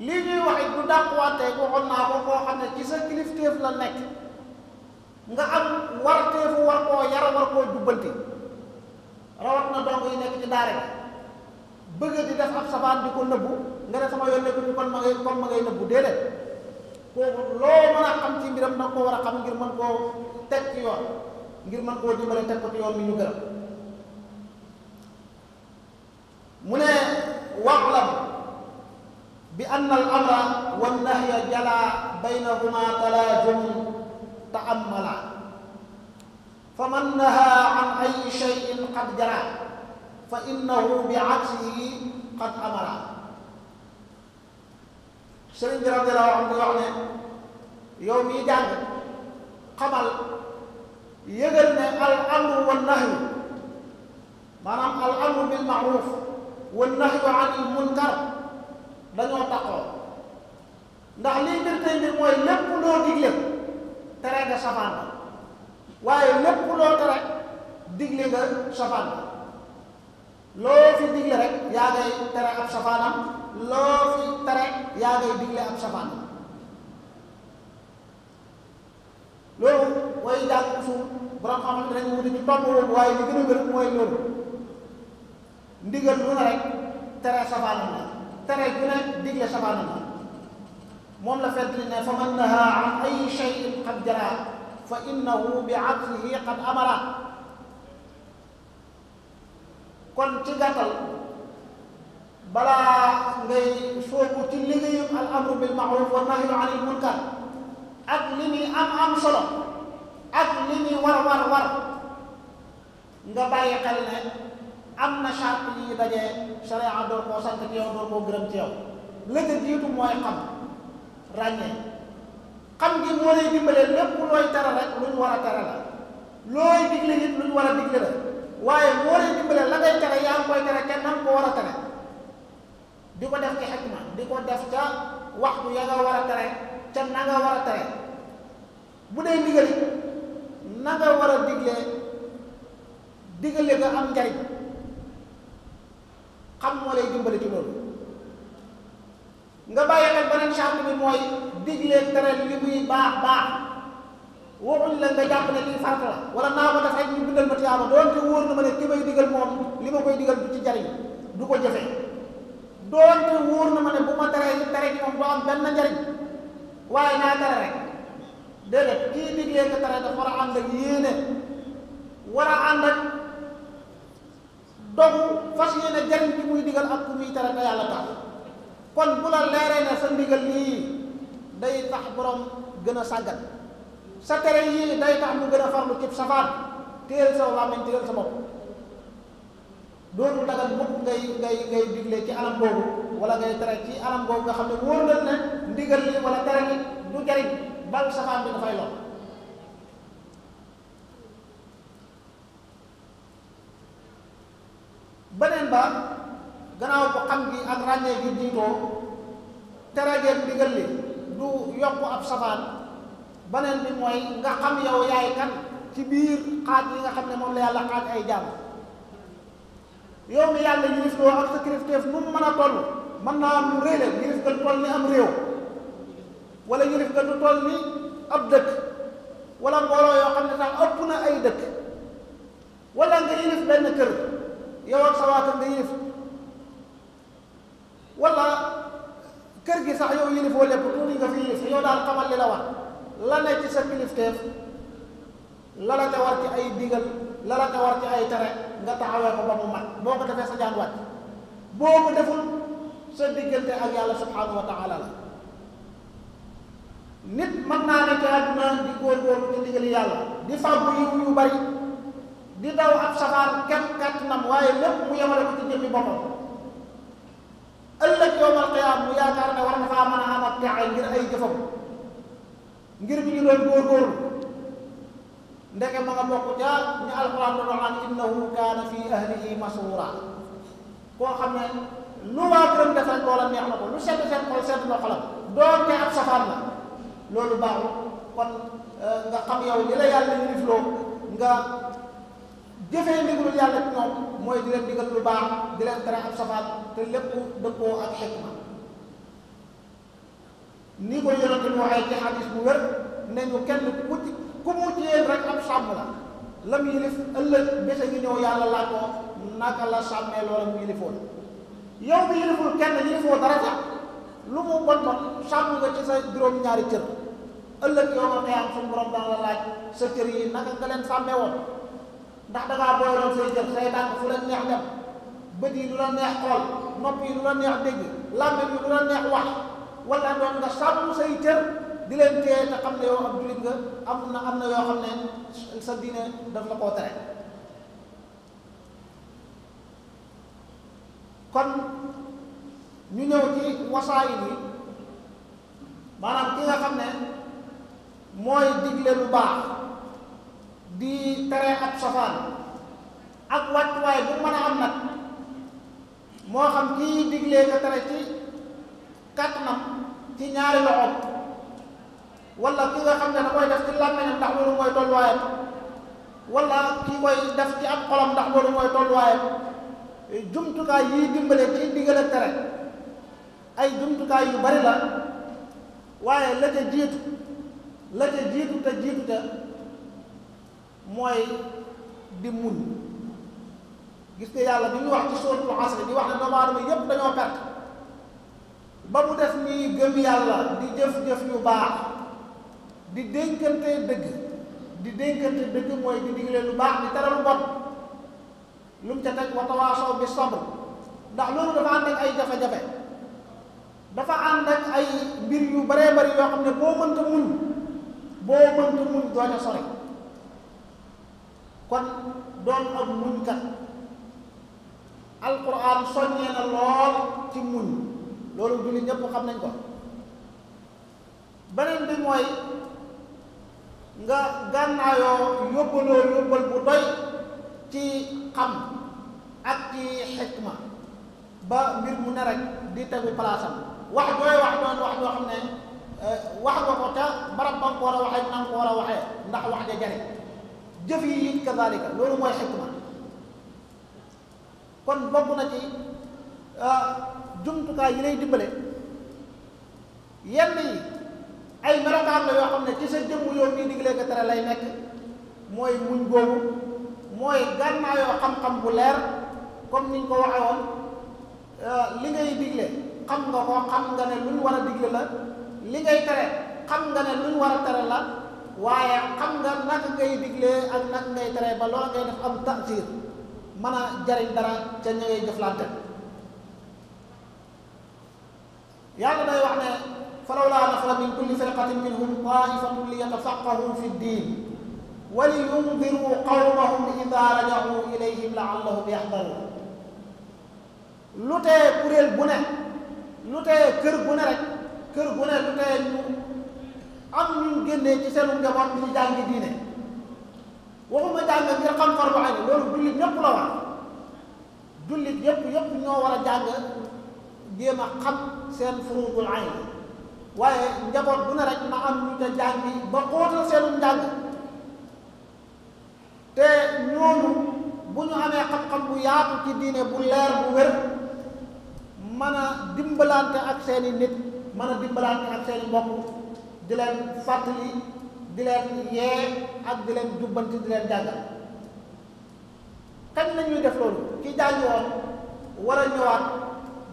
lii ñuy wax it du dàquwaatee waxoon naa ko koo xam ne ci sa kilifteef la nekk nga am warteefu war koo yara war koo jubbanti rawat na dong yi nekk ci daara bëgg di def ab safaan di ko nëbbu nga ne sama yoon nekku ñu kon ma ngay kon ci mbiram danga koo war a xam ngir mën koo teg ci yoon ngir man koo dimbale teg ko ci yoon mi ñu gërëm mu ne wax la bi anna al amra wan nahya jalaa baynahuma talaazum ta'ammala fa man nahaa an ay shay'in qad jaraa fa innahu bi aksihi qad amara sëriñ bi radiyallahu anhu wax ne yow mii jàng xamal yëgal ne al amru wan nahyu maanaam al amru bil ma'ruf wan nahyu anil munkar dañoo taqoo ndax liy mbir tey mbir mooy lépp loo digle tere nga safaan waaye lépp loo tere digle nga safaan ba loo fi digle rek yaa ngay tere ab safaanam loo fi loolu way jàng usul borom xamante dañu wuti ci tomb boobu waaye li gën a gën mooy loolu ndigal lu rek tere safaanam la tere gu ne digle sabaanam la moom la fedd ne fa man naha an ay shay'in qad jara fa innahu bi aqlihi qad amara kon ci gàttal balaa ngay soobu ci liggéeyum al amru bil maaruf wa nahyu anil munkar ak li muy am am solo ak li muy war war war nga bàyyi xel ne am na charte yi daje charia door koo sant ci yow door koo gërëm ci yow la mooy xam ràññee xam gi moo lay dimbalee lépp looy tere rek lu ñu war a tere la looy digle nit war a digle la waaye moo lay dimbalee la ngay tere yaa ngi koy tere kenn nam ko war a tere di ko def ci xikma di ko def ca waxtu ya nga war a tere ca na nga war a tere bu dee ndigal na nga war a digle digale nga am njariñ xam moo lay dimbali ci loolu nga bàyyi nag beneen charte bi mooy digle tere li muy baax baax waxuñ la nga ne lii farata la wala naa ko def rek ñu bindal ma tiyaaba doonte wóor na ma koy digal ci jariñ ko jëfe doonte wóor na ma ne bu ma teree li tere moom du am benn njariñ waaye naa tere rek déedéet kii diglee nga tere dafa war a ànd ak yéene war a ànd ak doomu fas yéene jariñ ci muy digal ak ku muy tere te yàlla tax kon bu la leeree ne sa ndigal lii day tax borom gën a sàggat sa tere yii day tax mu gën a farlu cib safaan téyel sa làmmiñ téyel sa bopp dootul dagal mukk ngay ngay ngay digle ci anam boobu wala ngay tere ci anam boobu nga xam ne wóor na ne ndigal lii wala tere li du jariñ bal safaan bi dafay lor beneen ba gannaaw bu xam gi ak ràññee gi jiitoo terageen ndigal li du yokk ab safaan beneen bi mooy nga xam yow yaay kan ci biir xaaj yi nga xam ne moom la yàlla xaaj ay jàmm yow mi yàlla yilif loo ak sa kilifteef nu mu man a toll mën naa am lu yilif nga toll ni am réew wala yilif nga du toll ni ab dëkk wala mbooloo yoo xam ne sax ëpp na ay dëkk wala nga yilif benn kër yow ak sa waa kër nga yilif wala kër gi sax yow yilifoo lépp tuuti nga fi yilif yow daal xamal li la war la ne ci sa kilifteef la la te ci ay digal la la te war ci ay tere nga taxawee ko ba mu mat boo ko defee sa jaan wàcc boo ko deful sa diggante ak yàlla subhanahu wa la nit mën naa ne ci àdduna di góorgóorlu ci ndigali yàlla di fàggu yiw yu bari di daw ab safaan kenn kàttanam waaye lépp mu yemale ko ci jëmmi boppam ëllëg yowmal qiyaam mu yaakaar ne war na faa mën a am ak texe ngir ay jëfam ngir bi ñu doon góorgóorlu ndeke ma nga bokk ca ñu alquran doon wax naan innahu fi ahlihi masuura koo xam ne lu waa këram def rek neex na ko lu sedd seen xol sedd na xolam doonte ab safaan la loolu baaxul kon euh, nga xam yow li la yàlla yilifloo nga jëfee ndigalul yàlla ci ñoom mooy di leen digal lu baax di leen tere ab safaat te lépp dëppoo ak xikma ni ko yonent bi waxee ci xadis bu wér ne ñu kenn ku ci ku mu ci rek ab sàmm la lam yilif ëllëg bés a ngi ñëw yàlla laaj ko naka la sàmmee loola mu yilifoon yow bi yiliful kenn yilifoo dara sax lu mu bon bon sàmm nga ci sa juróom-ñaari cër ëllëg yow nga xëy am suñu borom dana la laaj sa cër yi naka nga leen sàmmee woon. ndax da ngaa booyaloon say jëf say tànk fu la neex dem bët yi lu la neex xool nopp yi la neex dégg làmmiñ yi lu la neex wax wala doon nga sàmm say cër di leen téye te xam na am na yoo daf la koo tere kon ñu ñëw ci wasaayil yi maanaam ki nga xam ne mooy digle lu baax di tere ab safaan ak wàccuwaay bu mën a am nag moo xam kii diglee ka tere ci kàttanam ci ñaari loxoom wala ki nga xam ne da koy def ci làmmiñam ndax loolu mooy tolluwaayam koy def ci ab xolam ndax loolu mooy tolluwaayam jumtukaay yiy dimbale ci digal tere ay jumtukaay yu bari la waaye la ca jiitu la ca jiitu te jiitu te mooy di muñ gis nga yàlla bi ñu wax ci sóoratul asr di wax ne doomu aadama yépp dañoo pet ba mu def ñuy gëm yàlla di jëf-jëf yu baax di dénkante dëgg di dénkante dëgg mooy di digle lu baax di tere lu bon lu mu ca teg wa bi sabr ndax loolu dafa ànd ak ay jafe-jafe dafa ànd ak ay mbir yu baree bari yoo xam ne boo mënta muñ boo mënta muñ doo ca sori kon doon ak muñkat alquran soññee na lool ci muñ loolu jullit ñëpp xam nañ ko beneen bi mooy nga gànnaayoo yóbbaloo yóbbal bu doy ci xam ak ci xikma ba mbir mu ne rek di tegu palaasam wax jooy wax doon wax joo xam ne eh, wax nga ko te barab ba nga ko war a waxee na nga ko war a waxee ndax wax ja jariñ jëf yi it kazalika loolu mooy xikma kon bokk na ci ah, jumtukaay yi lay dimbale yenn yi ay melokaan la yoo xam ne ci sa jëmm yow mii diglee ko tere lay nekk mooy muñ boobu mooy gànnaayoo xam-xam bu leer comme niñ ko waxee woon ah, li ngay digle xam nga ko xam nga ne luñ war a digle la li ngay tere xam nga ne luñ war a tere la waaye xam nga naka ngay diglee ak naka ngay tere ba loo ngay def am taasir mën a jariñ dara ca ña ngay jëflante yàlla day wax ne falawlaa nafara min kulli firqatin minhum taifatun li yatafaqqahu fi ddin wa li yundiru qawmahum ida rajau ilayhim laallahum yaxdarun lu tee kuréel bu ne lu tee kër bu ne rek kër bu ne lu tee ñu am ñun génnee ci seenu njaboot ñu jàngi diine waxuma jàng ngir xam fardu ayni loolu jullit ñëpp la war jullit yëpp yëpp ñoo war a jàng jéem a xam seen furuudul ayn waaye njaboot bu ne rek na am ñu ca jàngi ba xóotal seenu njàng te ñooñu bu ñu amee xam-xam bu yaatu ci diine bu leer bu wér mën a dimbalante ak seeni nit mën a dimbalante ak seeni mbokk di leen fàttali di leen yee ak di leen jubbanti di leen jàngal kañ lañuy def loolu ki jàngoon war a ñëwaat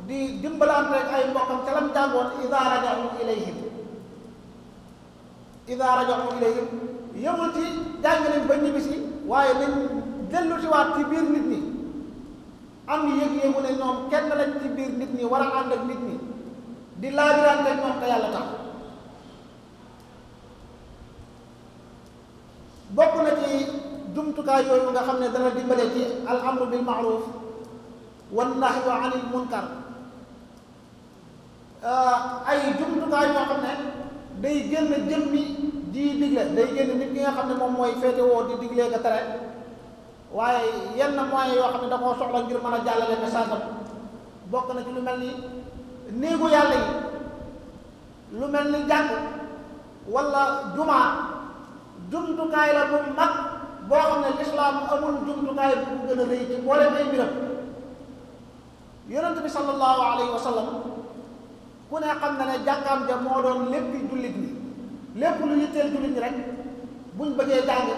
di dimbalante rek ay mbokkam ca lam jàngoon ida rajahu ilayhim ida rajahu ilayhim yëmul ci jàng nañ ba ñibbisi waaye nañ dellu ci waat nit ñi am yëg-yëgu ne ñoom kenn lañ ci nit ñi war a ànd ak nit ñi di laajurante ñoom te yàlla tax bokk na ci jumtukaay yooyu nga xam ne dana dimbale ci al amru bil maaruf wan nahyu anil munkar ah, ay jumtukaay yoo xam ne day génn jëm bi di digle day génn xam ne moom mooy féete woo di diglee ka tere waaye yenn moyens yoo xam ne da koo soxla ngir mën a jàllale message am bokk na ci lu néegu yàlla mel ni jàng wala jumaa jumtukaay la bu mag boo xam ne lislaam amul jumtukaay bu gën a rëy ci boole bay mbiram yonent bi sallallahu alayhi wa sallam ku ne xam na ne jàkkaam ja moo doon léppi jullit ñi lépp lu yitteel jullit ñi rek buñ bëggee jàng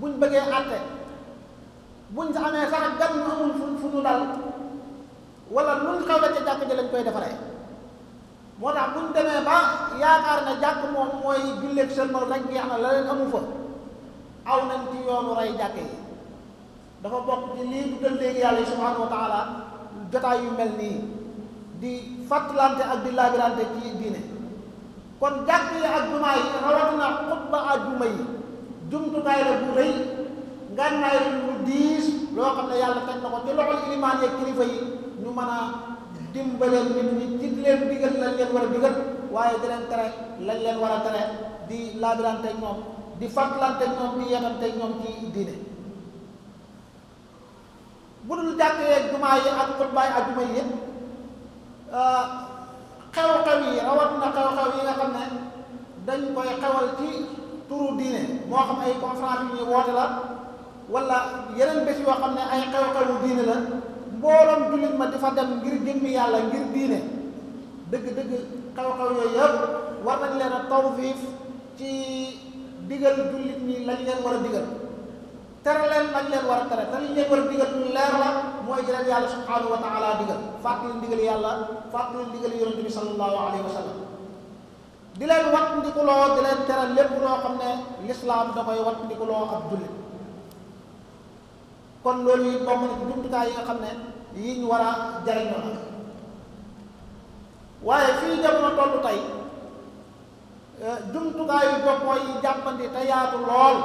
buñ bëggee àtte buñ sa amee sax gan ñu amul fu fu ñu dal wala luñ xaw la ca jàkk ja lañ koy defaree moo tax bu ñu demee ba yaakaar ne jàkk moom mooy julleeg sëlmal rek jeex na la leen amu fa aw nañ ci yoonu rey jàkke yi dafa bokk ci lii dugal léegi yàlla subhanahu wa jotaay yu mel nii di fàttalante ak di laabirante ci diine kon jàkk yi ak jumaa yi rawatina xutba àjjuma yi jumtukaay la bu rëy ngànnaay lu diis loo xam ne yàlla teg na ko ci loxol ilimaan kilifa yi ñu mën a dimbaleel nit ñi ci leen digal lañ leen war a digal waaye di tere lañ leen war a tere di laabiranteeg ñoom di fàttalanteeg ñoom di yemanteeg ñoom ci diine bu dul jàkkee jumaa yi ak xutbaay ajuma yi yëpp ah, xew-xew yi rawat na xew-xew yi nga xam ne dañ koy xewal ci turu diine moo xam ay conférence yi ñuy woote la wala yeneen bés yoo xam ne ay xew-xewu diine la mbooloom jullit ma di dem ngir jëmmi yàlla ngir diine dëgg-dëgg xew-xew yooyu yëpp war nañ leen a tawfiif ci digal jullit ñi lañ leen war a digal tere leen lañ leen war a tere te liñ leen war a digal ñu leer la mooy jëleen yàlla subhanahu wa taala digal fàttali ndigal yàlla fàttali ndigal yonente bi sallallahu alayhi wa di leen wat ndikuloo di leen tere lépp loo xam ne kon loolu yi bokk na ci jumtukaay yi nga xam ne yi ñu war a jariñoo la waaye fii jamono tollu tey eh, jumtukaayu jokkoo yi jàppandi te yaatu lool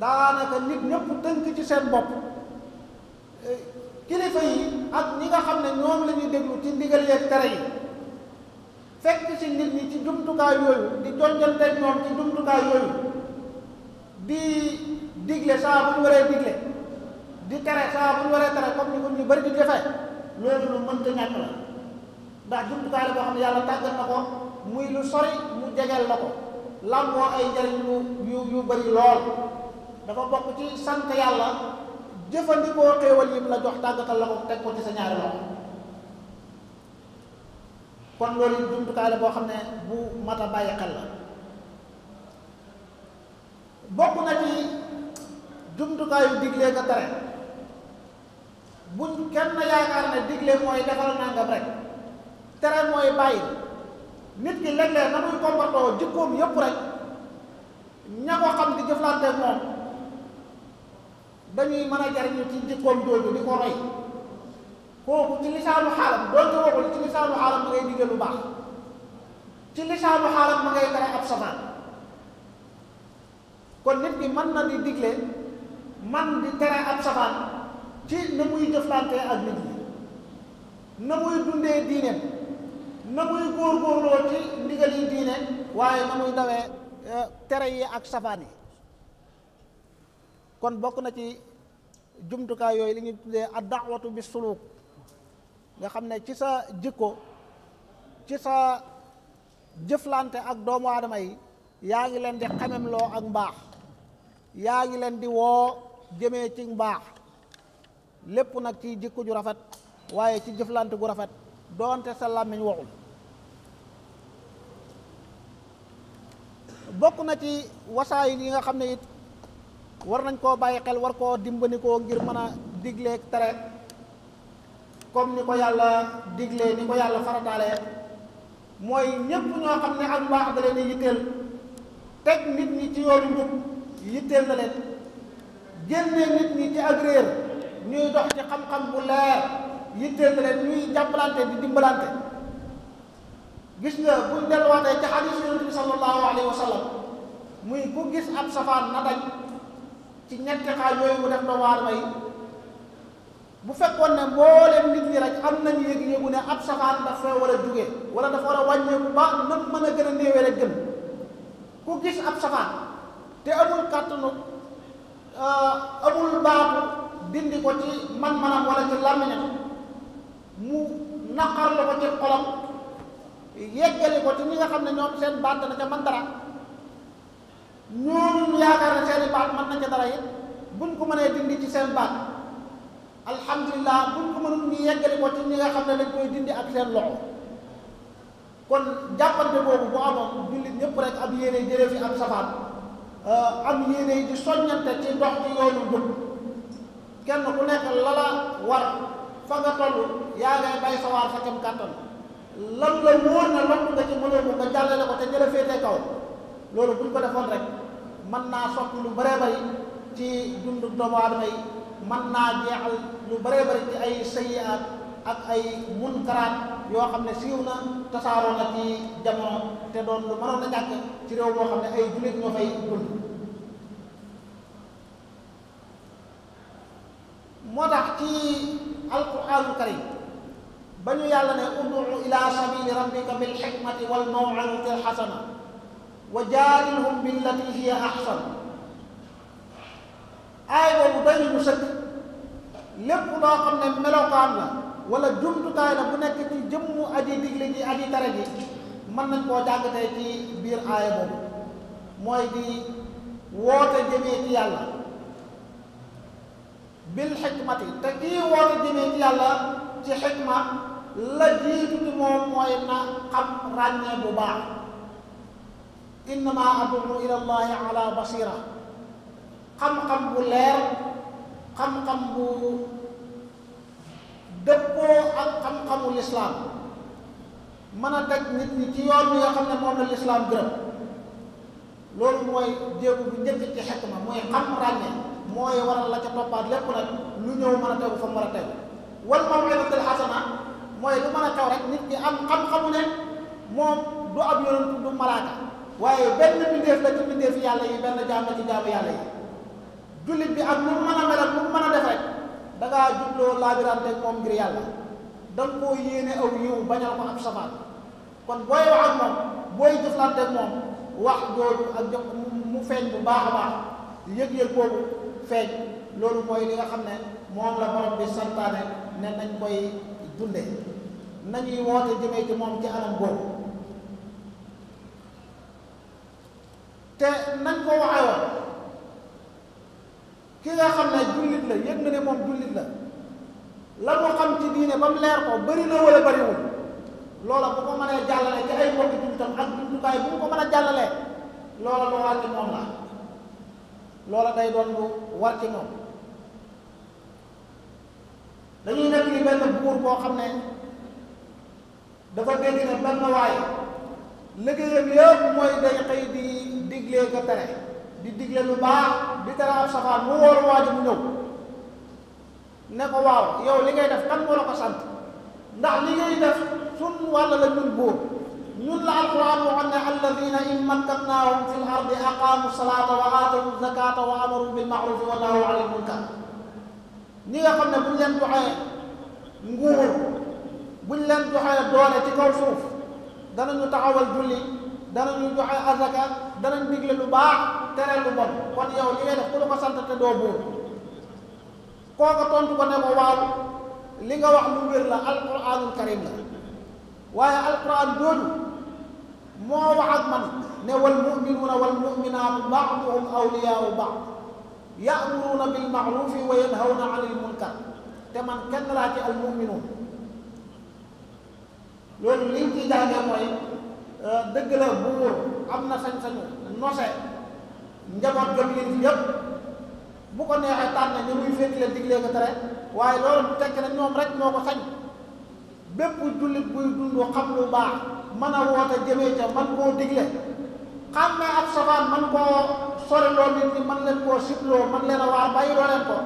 daanaka nit ñëpp tënk ci seen bopp eh, kilifa yi ak ñi nga xam ne ñoom lañuy ñuy déglu ci ndigal yeeg tere yi fekk ci nit ñi ci jumtukaay yooyu di jonjante ñoom ci jumtukaay yooyu di digle saa bu ñu waree digle di tere saa bu ñu waree tere comme ni ko ñu di defee loolu lu mënta ñàkk la ndax jumtukaay la boo xam ne yàlla tàggat na ko muy lu sori mu jegeel la ko làmboo ay njëriñ yu yu bëri lool dafa bokk ci sant yàlla jëfandikoo xéewal yi mu la jox tàggatal la ko teg ko ci sa ñaari loxo kon loolu jumtukaay la boo xam ne bu mat a bàyyi xel la bokk na ci jumtukaayu digle nga tere buñ kenn yaakaar ne digle mooy defal nangam rek tere mooy bàyyi nit ki léeg-léeg na muy comportoo jikkoom yëpp rek ña ko xam di jëflante moom dañuy mën a jariñu ci jikkoom jooju di ko roy kooku ci lisaanu xaalam doonte waxul ci lisaanu xaalam ma ngay digle lu baax ci lisaanu xaalam ma ngay tere ab safaan kon nit ki mën na di digle man di tere ab safaan ci na jëflantee ak nit ñi na muy dundee diine na muy góorgóorloo ci ndigal yi diine waaye na muy e, tere yi ak safaan yi kon bokk na ci jumtukaay yooyu li ñuy tuddee ad daawatu bi suluk nga xam ne ci sa jikko ci sa jëflante ak doomu aadama yi yaa ngi leen di xamemloo ak mbaax yaa ngi leen di woo jëme ci mbaax lépp nag ci jikko ju rafet waaye ci jëflante gu rafet doonte sa làmmiñ waxul bokk na ci wasaayil yi nga xam ne it war nañ koo bàyyi xel war koo dimbanikoo ngir mën a digleeg tere comme ni ko yàlla diglee ni ko yàlla farataalee mooy ñépp ñoo xam ne ak mbaax da leen yitteel teg nit ñi ci yoonu njub yitteel na leen génnee nit ñi ci ak réer ñuy dox ci xam-xam bu leer yitteel na leen ñuy jàppalante di dimbalante gis nga buñ delluwaatee ci xadiis yonent bi sallallahu alayhi wa sallam muy ku gis ab safaan na ci ñetti xaaj yooyu mu def doomu bu fekkoon ne mboolem nit ñi rek am nañu yëg-yëgu ne ab safaan daf fee war a jóge wala dafa war a wàññeeku ba nam mën a gën a néewee rek gën ku gis ab safaan te amul kàttanu euh, amul baatu dindi ko ci man-manam wala ci làmmiñam mu naqar la ko ci xolam yeggali ko ci ñi nga xam ne ñoom seen baat dana ca man dara ñooñu yaakaar ne seeni baat man na ca dara it buñ ko mënee dindi ci seen baat alhamdulilah buñ ko mënul ñu yeggali ko ci ñi nga xam ne dañ koy dindi ak seen loxo kon jàppante boobu bu amoon jullit ñëpp rek am yéene jëlee fi am safaan euh, am yéene di soññante ci ndox ci yoonu jëm kenn ku nekk la la war fa nga toll yaa ngay bay sa waar sa kem kàttan la wóor na lan nga ci mënoo ko nga jàllale ko te jële féetee kaw loolu buñ ko defoon rek man naa soppi lu bëree bëri ci dundu doomu aadama yi mën naa jeexal lu bëree bëri ci ay sayyi'aat ak ay munkaraat yoo xam ne siiw na tasaaroo na ci jamono te doon lu mënoon a ñàkk ci réew moo xam ne ay jullit ñoo fay dund moo tax ci alquraanul karim ba ñu yàlla ne ud'u ila sabili rabbika bil hikmati wal maw'izati al hasana wa jaadilhum billati hiya ahsan aay boobu doy ñu sëkk lépp loo xam ne melokaan la wala jumtukaay la bu nekk ci jëmmu aji digle ji aji tere ji mën nañ koo jàng tey ci biir aaya boobu mooy di woote jëmee ci yàlla bil xikmati te kii woote jëmee ci yàlla ci xikma la jiitu ci moom mooy na xam ràññee bu baax innama adullu ila allahi ala basira xam-xam bu leer xam-xam bu dëppoo ak xam-xamu lislaam mën a nit ñi ci yoon bi nga xam ne moom la lislaam gërëm loolu mooy jéegu bu njëkk ci xikma mooy xam ràññee mooy a la ca toppaat lépp nag lu ñëw mën a tegu fa mu war a tegu a maw'izatil hasana mooy lu mën a xew rek nit ki am xam-xamu ne moom du ab yonent du malaaka waaye benn mbindeef la ci mbindeef yàlla yi benn jaam ci jaamu yàlla yi jullit bi ak nu mu mën a mel ak mën a def rek da ngaa jubloo laabirante moom ngir yàlla da nga koo yéene aw yiw bañal ko ab safaan kon booy wax ak moom booy jëflante ak moom wax jooju ak jox mu feeñ bu baax a baax yëg-yëg boobu feeñ loolu mooy li nga xam ne moom la borom bi santaane ne nañ koy dunde nañuy woote jëmee ci moom ci anam boobu te nañ ko waxee woon ki nga xam ne jullit la yëg na ne moom jullit la la mu xam ci diine ba mu leer ko bëri na wala bëriwul loola bu ko mënee jàllale ci ay mbokki jullitam ak jumtukaay bu mu ko mën a jàllalee loola lu war ci moom la loola day doon lu war ci ñoom dañuy nekk ni benn buur boo xam ne dafa dégg ne benn waay liggéeyam yëpp mooy day xëy di digle ko tere di digle lu baax di tere ab safaan mu wóor waa ñëw ne ko waaw yow li ngay def kan moo la ko sant ndax li ngay def sun wàll la ñun buur ñu la alquran waxoon ne alladina in makkatnaahum fi l ardi aqaamu salaata wa aatawu zakata wa amaru bil maarufi wa nahaw ani l munkar ñi nga xam ne buñ leen joxee nguur buñ leen joxee doole ci kaw suuf danañu taxawal julli danañu joxe azaka danañ digle lu baax tere lu bon kon yow ko sant te doo buur li nga wax lu wér la alquranul karim la waaye moo wax ak man ne wal muminuuna wal muminaatu baaduhum awliyaau baad yaamuruuna bil maarufi wa yanhawna anil munkar te man kenn laa ci al muminuun loolu liñ ci jànge mooy euh, dëgg la buur am na sañ-sañu nose njaboot gëm leen yëpp bu ko neexee tànn ñu muy féetile diglee ko tere waaye loolu tekk na ñoom rek ñoo ko sañ bépp jullit buy dund xam lu baax mën a woote jëmee ca man koo digle xam ne ab safaan man koo soriloo nit ñi man leen koo sibloo man leen a bàyyi doo leen ko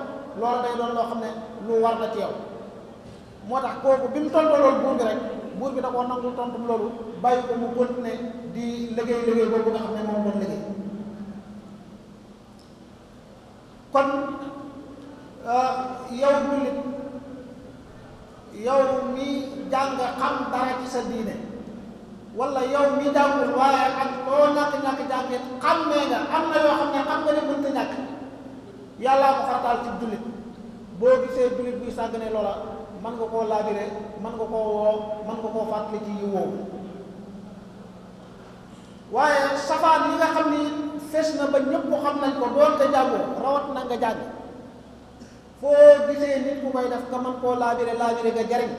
loolu day doon loo xam ne lu war na ci yow moo tax kooku bi mu tontu loolu buur bi rek buur bi da nangu tontu loolu bàyyi ko mu continuer di liggéey liggéey boobu nga xam ne moom doon liggéey kon euh, yow jullit yow mi jàng xam dara ci sa diine wala yow mi jàngul waaye ak loo ñàkk-ñàkk jàngee xammee nga am na yoo xam ne xam nga ne mënta ñàkk yàllaa ko farataal ci jullit boo gisee jullit buy sàgg ne loola man nga koo laabire man nga koo woo man nga koo fàttali ci yi woowu waaye safaan yi nga xam ni fees na ba ñëpp xam nañ ko doon te jàngoo rawat na nga jàng foo gisee nit ku koy def nga man koo laabire laabire nga jariñ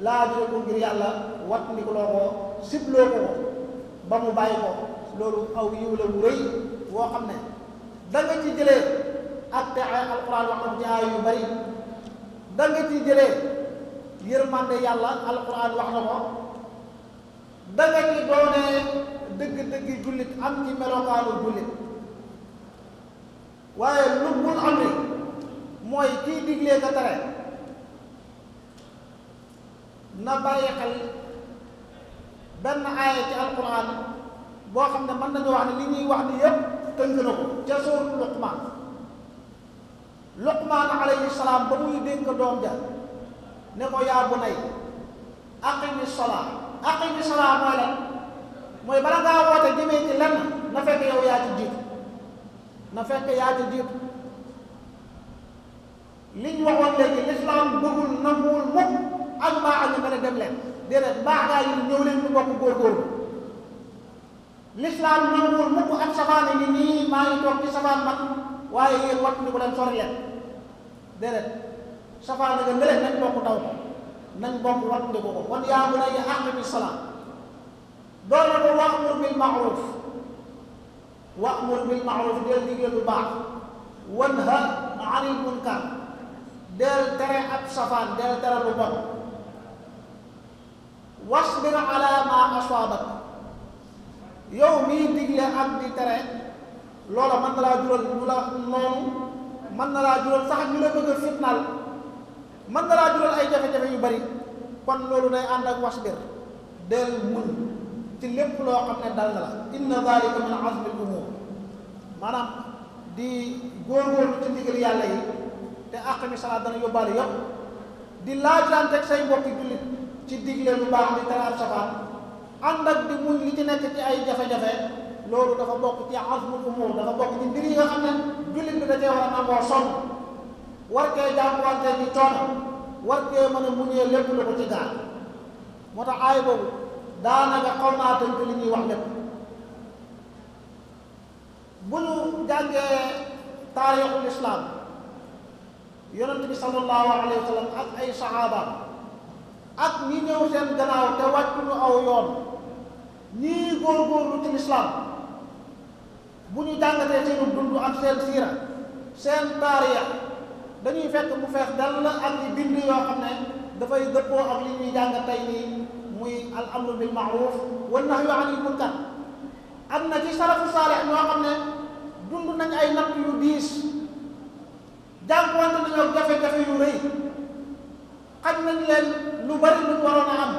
laabire ko ngir yàlla wat ni ko loo ko sibloo ko ba mu bàyyi ko loolu aw yiw la wu rëy woo xam ne da ci jëlee ak te ay wax na yu bari da nga ci jëlee yàlla wax na ko da ci doonee dëgg-dëgg jullit am ci melokaanu jullit waaye lu bul am ni mooy kiy diglee ka tere na bàyyi xel benn aaya ci alquran boo xam ne mën nañu wax ne li ñuy wax ni yépp tënk na ko ca sóoru luqmaan luqmaan alayhi salaam ba muy dénk doom ja ne ko yaa bu nay aqimi salaa aqimi salaa mooy lan mooy bala ngaa woote jëmee ci lenn na fekk yow yaa ci jiitu na fekk yaa ci jiitu liñ waxoon léegi lislaam bëggul nanguwul mukk ak maa ak ñu a dem leen déedéet baax gaa yi ñëw leen ñu bokk góorgóorlu lislaam nanguwul mukk ak safaan yi nii maa toog ci safaan man waaye yéen wattu ni ko leen sori safaan nga ngële nañ bokk daw nañ bokk wattu ni ko ko kon yaa bu nay salaat doon na ko wa'mur bil ma'ruf wa'mur bil ma'ruf deel liggéey lu baax wanha anil munkar deel tere ab safaan deel tere lu wasbir ala ma asaabak yow mii digle ak di tere loola mën na laa jural ñu la noonu mën na laa jural sax ñu la bëgg a fitnaal mën na laa jural ay jafe-jafe yu bari kon loolu day ànd ak wasbir del muñ ci lépp loo xam ne dal na la inna dalika min azmi al umur maanaam di góorgóorlu ci ndigal yàlla yi te aqimi salaat dana yóbbaale yëpp di laajante ak say mbokki jullit ci digle lu baax di tere ab safaan ànd ak di muñ li ci ay jafe-jafe loolu dafa bokk ci azmul umur dafa bokk ci mbir yi nga xam bi da war a nangoo sonn war kee jàppante ci coono war kee mën a muñee lépp lu moo tax aay boobu daanaka xaw naa tënk li ñuy wax lépp bu ñu jàngee taarixul islaam yonent bi sallallahu alayhi ay saxaabaam ak ñi ñëw seen gannaaw te wàccuñu aw yoon ñii góorgóorlu ci lislaam bu ñu jàngatee seenu dund ak seen siira seen taariya dañuy fekk bu feex dal la ak yi xam ne dafay dëppoo ak li ñuy am na ci salafu saalix ñoo xam ne dund nañ ay natt yu diis jànkuwante nañoo jafe-jafe yu rëy xañ nañ leen lu bari luñ waroon a am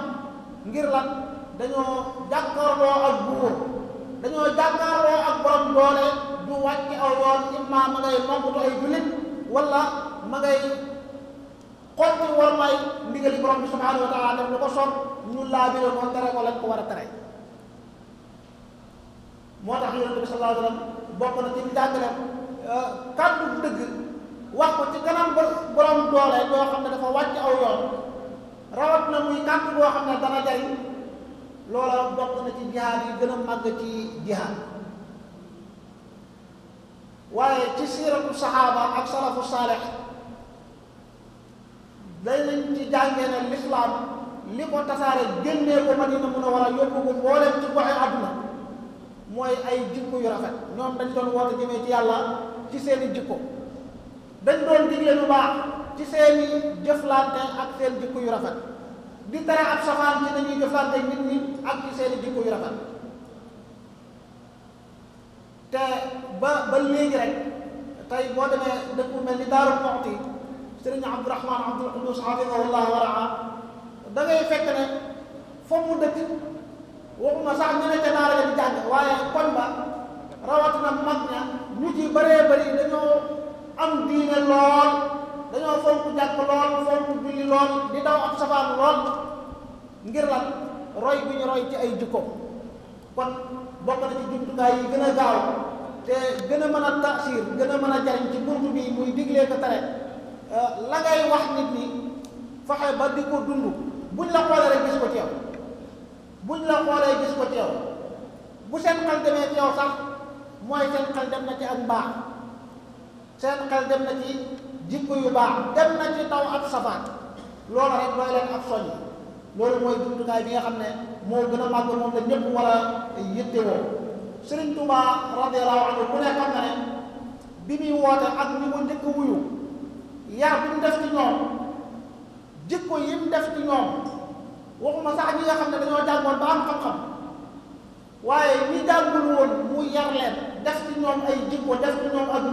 ngir lan dañoo jàkkaarloo ak buur dañoo jàkkaarloo ak borom doole du wàcc aw yoon imma ma ngay lombutu ay jullit wala ma ngay xotti war may ndigali borom bi subhanahu wa taala lu ko soob ñu laabire ko tere ko lañ ko war a tere moo tax yonente bi sallallahu alayhi wa sallam na ci njàngaleem euh, kàddu dëgg wax ko ci kanam borom doole boo xam ne dafa wàcc aw yoon rawat na muy kàddu boo xam ne dana jariñ loola bokk na ci jihaad yi gën a màgg ci jihaad waaye ci siiratu saxaaba ak salafu saalix day nañ ci jàngee ne lislaam li ko tasaare génnee ko Madina Munawara yóbbu ko mbooleem ci goxe àdduna mooy ay jikko yu rafet ñoom dañ doon woote jëmee ci yàlla ci seeni jikko dañ doon digle lu baax ci seeni jëflante ak seen jikko yu rafet di tere ak safaan ci dañuy jëflante nit ñi ak ci seeni jikko yu rafet te ba ba léegi rek tey boo demee dëkk mel ni Daaru Muxti sëriñ da ngay fekk ne foofu mu ñu ne ca daara la di waaye kon ba rawatina mag ña ñu ci bëree bëri dañoo am diine lool dañoo fonk jàpp lool fonk julli lool di daw ab safaan lool ngir lan roy bu ñu roy ci ay jikko kon bokk ci jumtukaay yi gën a gaaw te gën a mën a tafsir gën a mën a jariñ ci bunt bi muy diglee ko tere euh, la ngay wax nit ñi fexe ba di ko dund buñ la xoolee rek gis ko ci yow buñ la xoolee gis ko bu seen xel demee ci sax mooy seen xel dem na ci ak mbaax seen xel dem na ci jikko yu baax dem na ci taw ak safaan loolu rek doy leen ab soññ loolu mooy jumtukaay bi nga xam ne moo gën a màgg moom la ñëpp war a yittewoo Sëriñ Tuubaa radiyallaahu anhu ku bi muy woote ak ñi mu njëkk wuyu yaa bi mu def ci ñoom jikko yi mu def ci ñoom waxuma sax ñi nga xam ne dañoo jàngoon ba am xam-xam waaye ñi jàngul woon mu yar leen def ci ay jikko def ci ñoom ak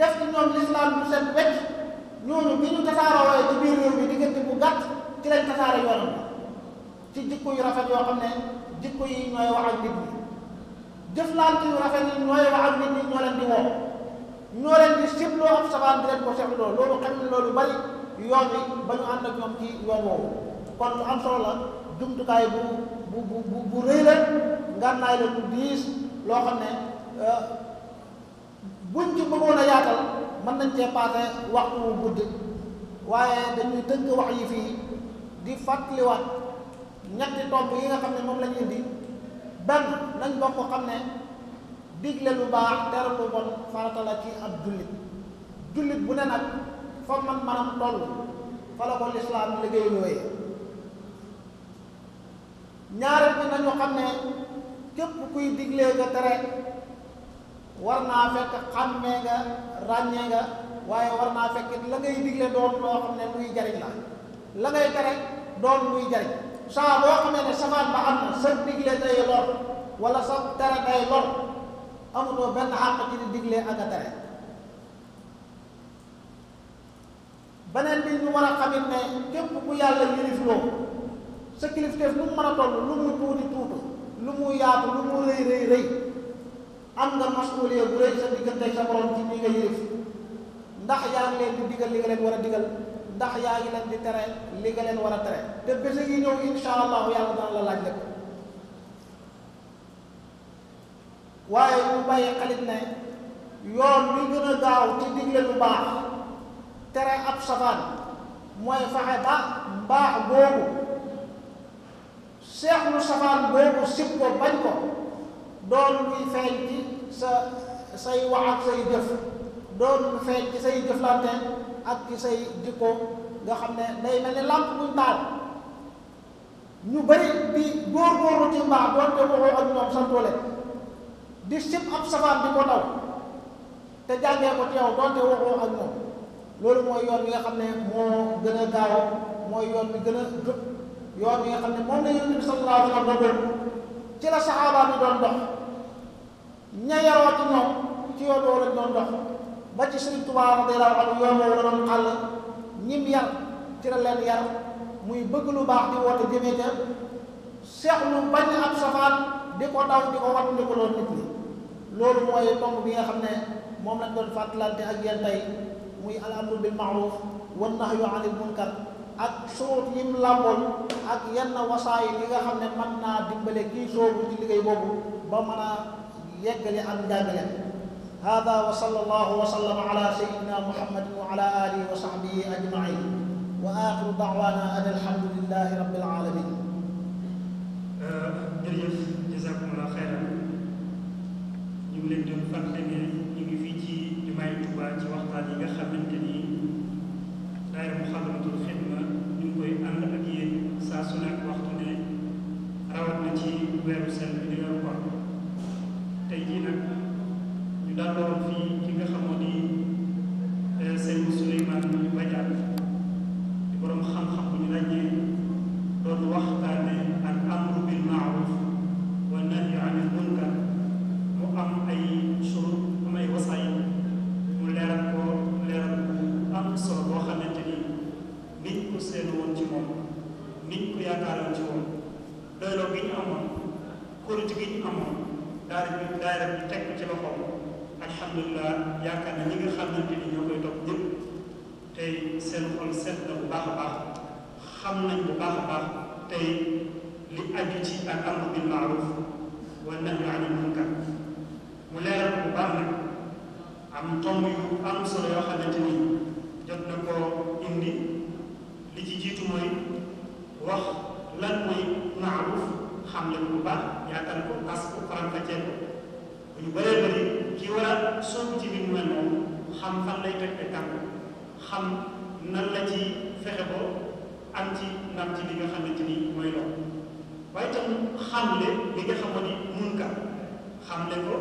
def ci ñoom lislaam bu set wecc ñooñu bi ñu tasaaroo ci biir réew mi diggante bu gàtt ci lañ tasaare yoonam ci jikko yu rafet yoo xam ne jikko yi ñooy wax ak nit ñi jëflante yu rafet yi ñoo leen di woo ñoo leen di sibloo sabaan di leen ko sebloo loolu xam ne loolu bari yoon wi ba ñu ànd ak ñoom ci yoon woowu kon am solo la bu bu bu bu rëy la ngànnaay la diis loo xam ne euh, buñ ci bëggoon a yaatal mën nañ cee paase waxtu wu gudd waaye dañuy tënk wax yi fii di fàttaliwaat ñetti tomb yi nga xam ne moom la ñu indi benn nañ bokk xam ne digle lu baax tere lu bon farata ci ab jullit jullit bu ne nag fa man manam toll fa la ko lislaam liggéey looyee ñaareel bi nañu xam ne képp kuy diglee nga war naa fekk xàmmee nga ràññee nga waaye war naa fekk la ngay digle doon loo xam ne luy jariñ la la ngay tere doon luy jariñ saa boo xamee ne safaan ba am na sa digle day lor wala sa tere day lor amutoo benn àq ci di digle ak a tere beneen bi ñu war a xamit ne képp ku yàlla yilif loo sa kilifteef lu mu mën a toll lu mu tuuti tuuti lu mu yaatu lu mu rëy rëy rëy am nga masuuliya bu rëy sa diggante sa borom ci ñi nga yëf ndax yaa ngi leen di digal li nga leen war a digal ndax yaa ngi leen di tere li nga leen war a tere te bés yi ñëw insha allahu yàlla dana la laaj lépp waaye mu bàyyi xalit ne yoon bi gën a gaaw ci digle lu baax tere ab safaan mooy fexe ba mbaax boobu seexlu safaan boobu sib ko bañ ko doon luy feeñ ci sa say wax ak say jëf doon lu feeñ ci say jëflante ak say jikko nga xam ne day mel ni làmp buñ taal ñu bari bi góor-góorlu ci mbaax doonte waxoo ak ñoom santoole di sib ab safaan di ko daw te jàngee ko ci yow doonte waxoo ak ñoom loolu mooy yoon wi nga xam ne moo gën a gaaw mooy yoon bi gën a jub yoon nga xam ne moom la yonent bi sallallahu alayhi wa sallam ci la saxaaba bi doon dox ña yaroo ci ñoom ci yoon woo dox ba ci Sëriñ Tuubaa radiyallaahu anhu yoon woo la doon àll ñim ci la leen yar muy bëgg lu baax di woote jëmee ca seexlu bañ ab safaan di ko daw di ko wat di loolu mooy tomb bi nga xam ne moom lañ doon fàttalante ak yéen tey muy al amru bil maaruf wan nahyu anil munkar ak sóot yim làmboon ak yenn wasaay yi nga xam ne mën naa dimbale kii soobu ci liggéey boobu ba mën a yeggale am njàngaleem hada wa sallallahu wa sallama ala sayyidina muhammadin wa ala alihi wa sahbihi ajmain wa axiru daawana an alhamdulilahi rabbil alamin euh, jërëjëf jazakumullah xeyran ñu ngi leen doon fàttali ne ñu ngi fii ci jumaay Tuuba ci waxtaan yi nga xamante ni daayira Muxaddamatul Xidma ñu ngi koy ànd ak yéen saa su nekk waxtu ne rawat na ci weeru sel bi di weeru koor tey jii nag ñu dalloon fii ki nga xamoon ni eh, sëñ Souleymane Badiane di borom xam-xam seet na bu baax a baax xam nañ bu baax a baax tey li aju ci al amru bil maaruf wa nahyu anil munkar mu leeral bu baax nag am tomb yu am solo yoo xamante ni jot na koo indi li ci jiitu mooy wax lan mooy maaruf xam nañ bu baax yaatal ko as ko faram-fàccee ko ñu bëree bëri kii war a ci mbir mel noonu xam fan lay teg tànk xam. nan la ci fexe ko am ci ndam ci li nga xamante ni mooy loolu waaye itam xamle li nga xamoon ni mun ka xamle ko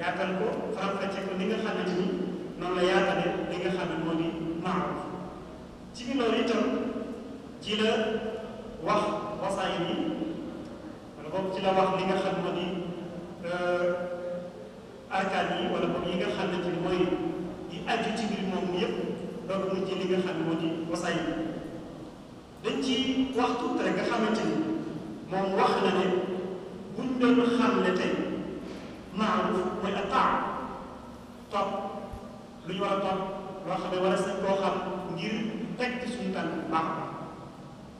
yaatal ko faram-fàcce ko li nga xamante ni noonu la yaatale li nga xam ne moo di maaruf ci biir loolu itam ci la wax wasaay yi wala boog ci la wax li nga xam moo di euh, ni mooy yi aju ci biir moom yëpp. loolu mu ci li nga xam ne moo di wasaay dañ ci wax tuuti rek nga xamante ni moom wax na ne buñ doon xam ne tey maaruf mooy ak topp lu ñu a topp loo xam ne war a sañ koo xam ngir teg ci suñu tànk baax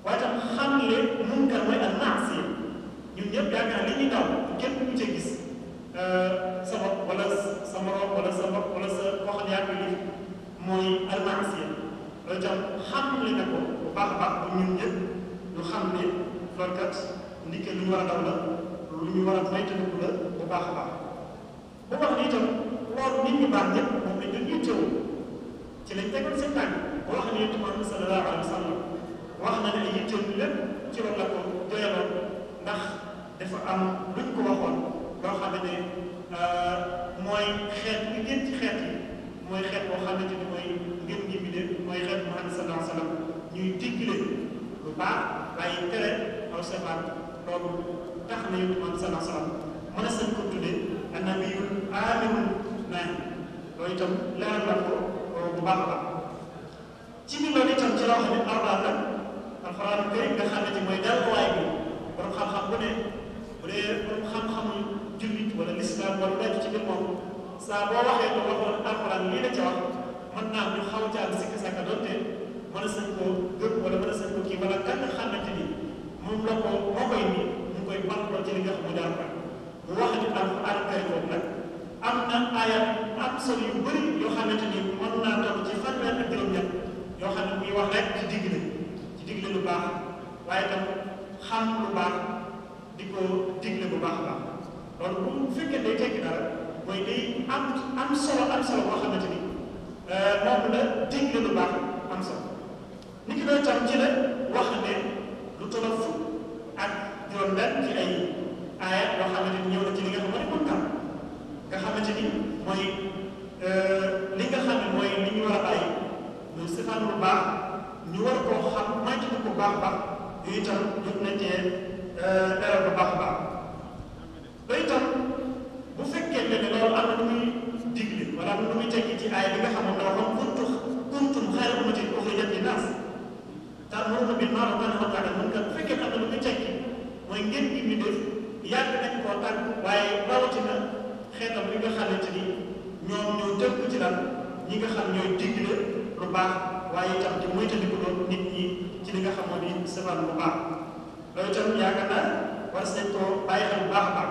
waaye tam xam ne munkar mooy ak naas yi ñun ñëpp li ñuy daw kenn ku ca gis euh, sa bopp wala sa morom wala sa bopp wala sa waxam yaa mooy almasiya la jàpp xam ne ne ko bu baax a baax bu ñun ñëpp ñu xam ne loolu kat ndikke lu ñu war a daw la lu ñu war a moytandiku la bu baax a baax bu wax ni itam loolu nit ñu baax ñëpp moom ci lañ tegal ne itam sallallahu alayhi wa ci loolu la ko doyaloon ndax dafa am luñ ko waxoon loo xam ne euh, mooy xeet bi gën ci xeet yi mooy xeet boo xamante ni mooy ngeen ngi bi lépp mooy xeet Muhammad sallallahu alayhi wa sallam ñuy digle lu baax waaye tere aw safaan loolu tax na yow Muhammad sallallahu alayhi wa sallam mën a sañ ko tuddee annabiyul aaminul naahi loolu itam leer na ko bu baax a ci biir loolu itam ci loo xam ne alxuraan la alxuraan këriñ nga xam ne mooy delluwaay bi borom xam-xam bu ne bu dee borom xam-xamu jullit wala lislaam wala nekk ci biir moom saa boo waxee ko waxoon alxuraan lii la ca wax mën naa ñu xaw caa sikk sàkka doonte mën a sën koo gëm wala mën a sën koo kii wala kan nga xamante ni moom la ko moo koy ni koy barloo ci li nga xam mu daal bu wax ni alxuraan kay boobu nag am na ayat am yu bëri yoo xamante ni mën naa toog ci fanweer ak juróom-ñett yoo xam ne muy wax rek ci digle ci digle lu baax waaye tam xam lu baax di ko digle bu baax a baax loolu bu fekkee day tekki mooy lii am am solo am solo boo xamante ni euh, moom la digle lu baax am solo ni ki doon tam ci wax ne lu tolloo fukk ak juróom-benn ci ay aaya yoo xam ne moom nga mooy euh, li nga xam ne mooy li ñu war a bàyyi muy sifaan lu baax ñu war koo xam màcc na ko baax baax yooyu itam jot na cee dara euh, baax baax loolu itam bu fekkente ne loolu am na lu muy digle wala lu muy tekki ci aay bi nga xam ne da waxoon kuntum kuntum xayra ummatin uxrijat linnaas ta'muruuna bil ma'ruuf wa tanhawna 'anil munkar bu na ñu koo tàgg waaye rawatina xeetam li nga xamante ni ñoom ñoo tënk ci lan ñi nga xam ñooy digle lu baax waaye itam te moytandiku loolu nit ñi ci li nga xamoon ni safaan lu baax loolu itam yaakaar naa war nañ koo bàyyi xel bu baax baax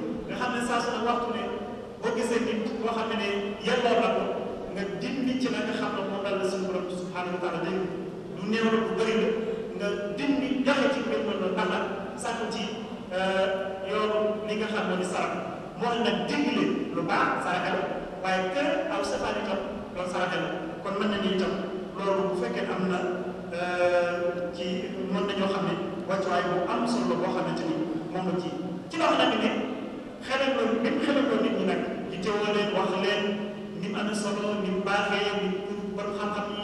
xam ne saa su ne waxtu ne boo gisee nit boo xam ne ne yelloo na ko nga dindi ci la nga xam ne moom dal la suñu borom subhanahu wa taala day lu néew la nga dindi joxe ci mbir mën na ci euh, yoon li nga xam ne ni sarax moo nag digle lu baax saraxe la waaye kër aw safaan itam loolu saraxe kon mën nañu itam loolu bu fekkee am na euh, ci mën nañoo xam ne wàccuwaay bu am solo boo xamante ni moom la ci ci loo xam ne ne xelal loolu ni mu xelal loolu nit ñi nag ñu jëwoo leen wax leen ni mu amee solo ni mu baaxee ni mu bon xam-xam yi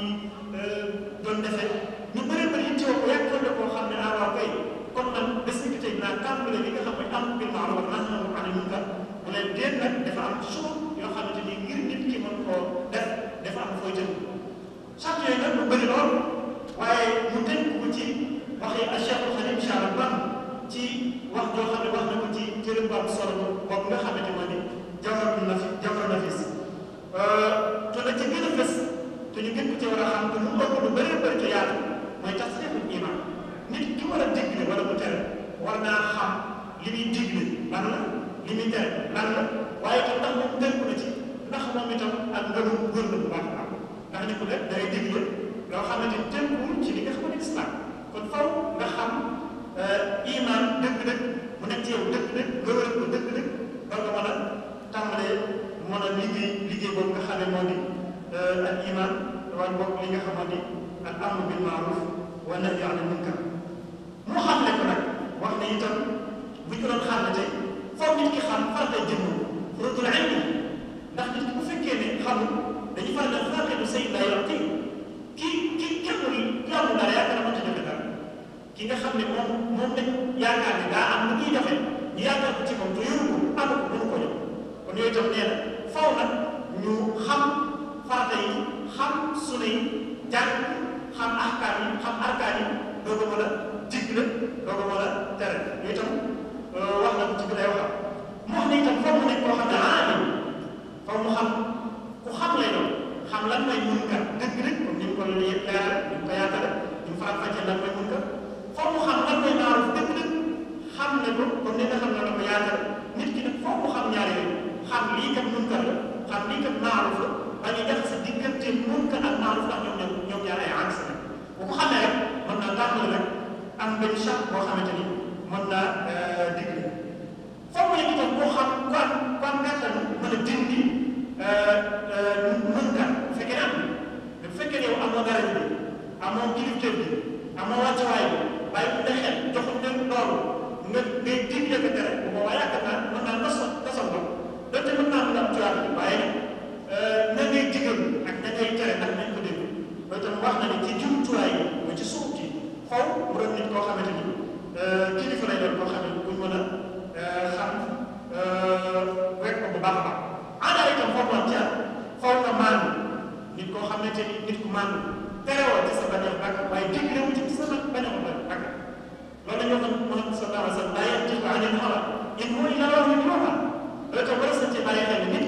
euh, doon defee ñu bëree bëri koo xam ne ah waaw kay kon man ki tey naa tàmbale li nga xam mooy am bil maaruf wa nahy munkar mu leen déet nag dafa am suuf yoo xamante ni ngir nit ki mën koo def dafa am foo jëm sart yooyu nag lu waaye mu tënk ko ci waxi Cheikh Khadim Sall Ba ci. wax joo xam ne wax na ko ci jërëm ba am solo boobu nga xamante moo ni jawhar na fi jawhar nafis euh, te la ci gën a fës te ñu gën ko ci war a xam te mu ëpp lu bëri bëri te yaatu mooy tax sireful iman nit ki war a digle wala mu tere war naa xam li muy digle li la waaye tam ndax moom tënku ci a li nga xamante islam faw nga xam Euh, iman dëgg-dëgg bu nekk ci yow dëgg-dëgg nga wéral ko dëgg-dëgg ba nga mën a tàmbalee mën a liggéey liggéey boobu nga xam ne moo di euh, ak iman waaye boog li nga xamoon ni ak amru bil maaruf wa nahyi anil munkar mu xam ne ko nag wax ne itam bu ñu doon xam ne tey foog nit ki xam fan lay jëm rutul ilmi ndax nit bu fekkee ne xamul dañu faral di faral di saytu dayu kii kii képp ku yàggu dara yaakaar naa mënta ki nga xam ne moom moom lañ yaakaar ne daa am lu muy defee ñu yaakaar ko ci moom te yoru ko am ko mënu ko ñëw kon yooyu tam nee na faw nag ñu xam farata yi xam sunna yi jàng xam ahkaam yi xam arkaan yi doo ko mën a digle doo ko mën a tere yooyu tam euh, wax na ko ci biir ay wax mu wax ne itam faw mu nekk koo xam ne aani faw mu xam ku xam lay doon xam lan mooy munkar dëgg rek comme ni mu ko leeral ni mu ko yaatale ñu faram fàccee lan mooy munkar foog mu xam lan mooy maaruf dëgg nag xam ne ko kon li nga xam ne dafa yaatal nit ki nag foog mu xam ñaari yooyu xam lii kat munkar la xam lii kat maaruf la ba ñu def sa diggante munkar ak maaruf ndax ñoom ñoom ñoom ñaar ay ànd si bu ko xamee rek mën naa tàmbali rek am benn charte boo xamante ni mën naa euh, déglu foog nga itam boo xam kon kon kattan mën a dindi euh, euh, munkar bu fekkee am bu fekkee yow amoo dara ji amoo kilifteef bi amoo wàccuwaay bi bàyyi na xel joxuñ leen loolu nga ngay digle ko tere bu boobaa yaakaar naa mën naa tas tasal ko donte mën naa mën a am tuyaat bi waaye euh, na ngay digal ak na ngay tere ndax nañ ko dégg loolu tam wax na ne ci jumtuwaay yi mu ci suuf ci xaw mu doon nit koo xamante ni euh, kilifa lay doon koo xam ne buñ mën a euh, xam rek ko bu baax a baax aadaay itam foofu am jaar xaw nga maanu nit koo xamante ni nit ku maanu terewal ci sa baneex bàkk waaye digle wu ci sa baneex ayyuhan Muhammad sallallahu alaihi wasallam la yantiqu anil hawa in huwa illa wahyun yuha öte burası itibariyle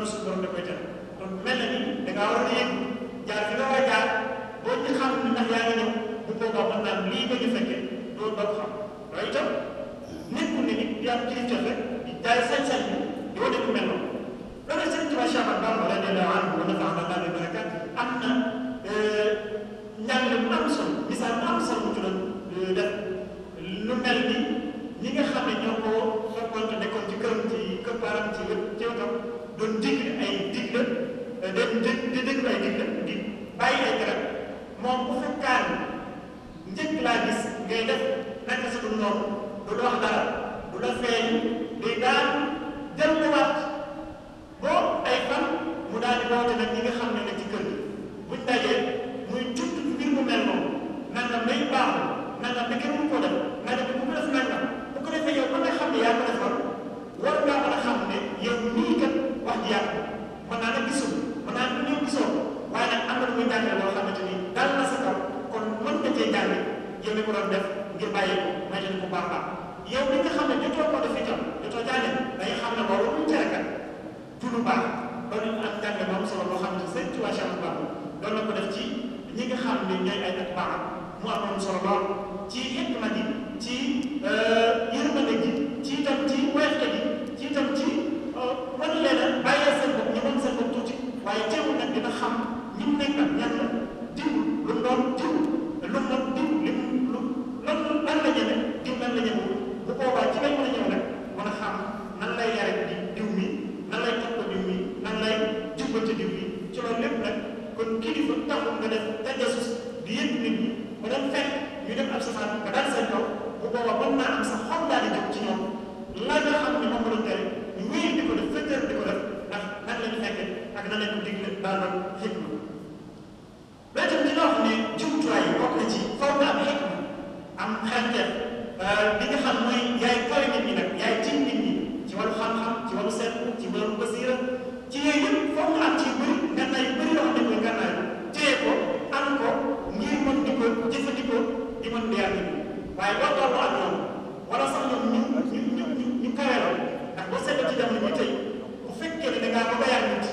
loolu suñu borom da koy teel kon mel na ni da ngaa war a yëg jaar fi nga war a jaar boo ci xam ne ndax yaa ngi ñëw bu boobaa mën naa lii nga ñu fekkee loolu doo ko xam loolu itam nekkul ne nit di am kilifteef rek di jaay sañ-sañ bi di wane ku mel noonu loolu sëñ Tuubaa Cheikh Ahmad Bamba radiyallaahu anhu wa nafa'anaa billaahi wa barakaat am na euh, njàng mu am solo misaal mu am solo mu tudd euh, def lu mel ni ñi nga xam ne ñoo ko fekkoon te nekkoon ci këram ci këppaaram ci wét ci wetam doon digle ay digle eh, doon di di digle ay digle di bàyyi ay garab moom bu fekkaan njëkk laa gis ngay def naka sa dul noonu du la wax dara du la feeñ day daal jël lu waat boo ay fan mu daal di woote nag ñi nga xam ne nag ci kër gi buñ dajee muy tudd mbir mu mel noonu nanga may baaxul nanga ne kenn mu ko def nanga bu ko def nanga bu ko defee yow ba nga xam ne yaa ko defoon war ngaa mën a xam ne yow nii wax ji yàqu mën naa a gisul mën naa la ñoo gisoo waaye nag am na lu muy jàngale loo xamante ni dal na sa kon mën nga cee jàng yow mi ko doon def ngir bàyyi ko may leen ko baax baax yow mi nga xam ne jotoo ko def itam jotoo jàng da nga mu jëriñ ba ñu am jàng ba am solo loo xam ne seen tuwaay Cheikh Bamba doon na ko def ci ñi nga xam ne ñooy ay at baax mu amoon solo lool ci xikma ji ci euh, yërmande ji ci ci weexte ci. war leen a bàyyee seen bopp ñu doon seen bopp tuuti waaye teewul nag dina xam ñi mu nekk ak ñan la diw lu mu doon diw lu mu doon diw li mu lu lan lan la ñeme diw lan la ñeme bu boobaa ci lay mën a ñëw rek mën a xam nan lay yare di diw mi nan lay topp diw mi nan lay jubbante diw mi ci loolu lépp nag kon kilifa taxul nga def tajasus di yëg nit ñi ba doon fekk ñu def ab safaan nga daal seen kaw bu boobaa mën naa am sa xol daal di jóg ci ñoom la nga xam ne moom la tere ñii di ko def secteur di ko def ndax nan la ñu fekke ak nan la ñu digle maanaam xikma mais tam dina wax ne jumtuwaay yi bokk na ci faw nga am xikma am xelteef euh, li nga xam mooy yaay fooy nit ñi nag yaay tiim nit ñi ci wàllu xam-xam ci wàllu seetlu ci wàllu basiira ci yooyu yëpp faw nga am ci yu bëri gànnaay yu bëri yoo xam ne mooy gànnaay téye ko am ko ngir mën di ko jëfandikoo di mën di yàgg waaye boo toll am yoon wala sax ñoom ñu ñu ñu ñu kawee parce que ci jamono bi tey bu fekkee ne da ngaa ko bayal nit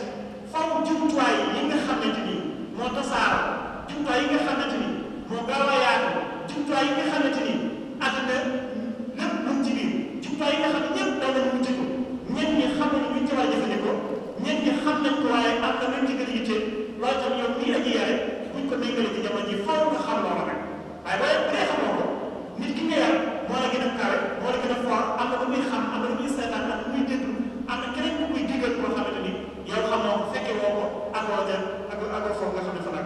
faw jumtuwaay yi nga xamante ni moo tasaaroo jumtuwaay yi nga xamante ni moo gaaw a yaatu lépp lu ci jumtuwaay yi nga xam ne ñëpp daw nañu wuti ko ñenn ñi xam a a nii ji faw nga xam loola rek waaye boo dee xam ko nit ki nga yar moo la gën a kawe moo la gën a fort am na lu muy xam am na lu muy seetaan am na lu muy déglu am na keneen bu muy digal boo xamante ni yow xamoo fekkee woo ko ak loo xam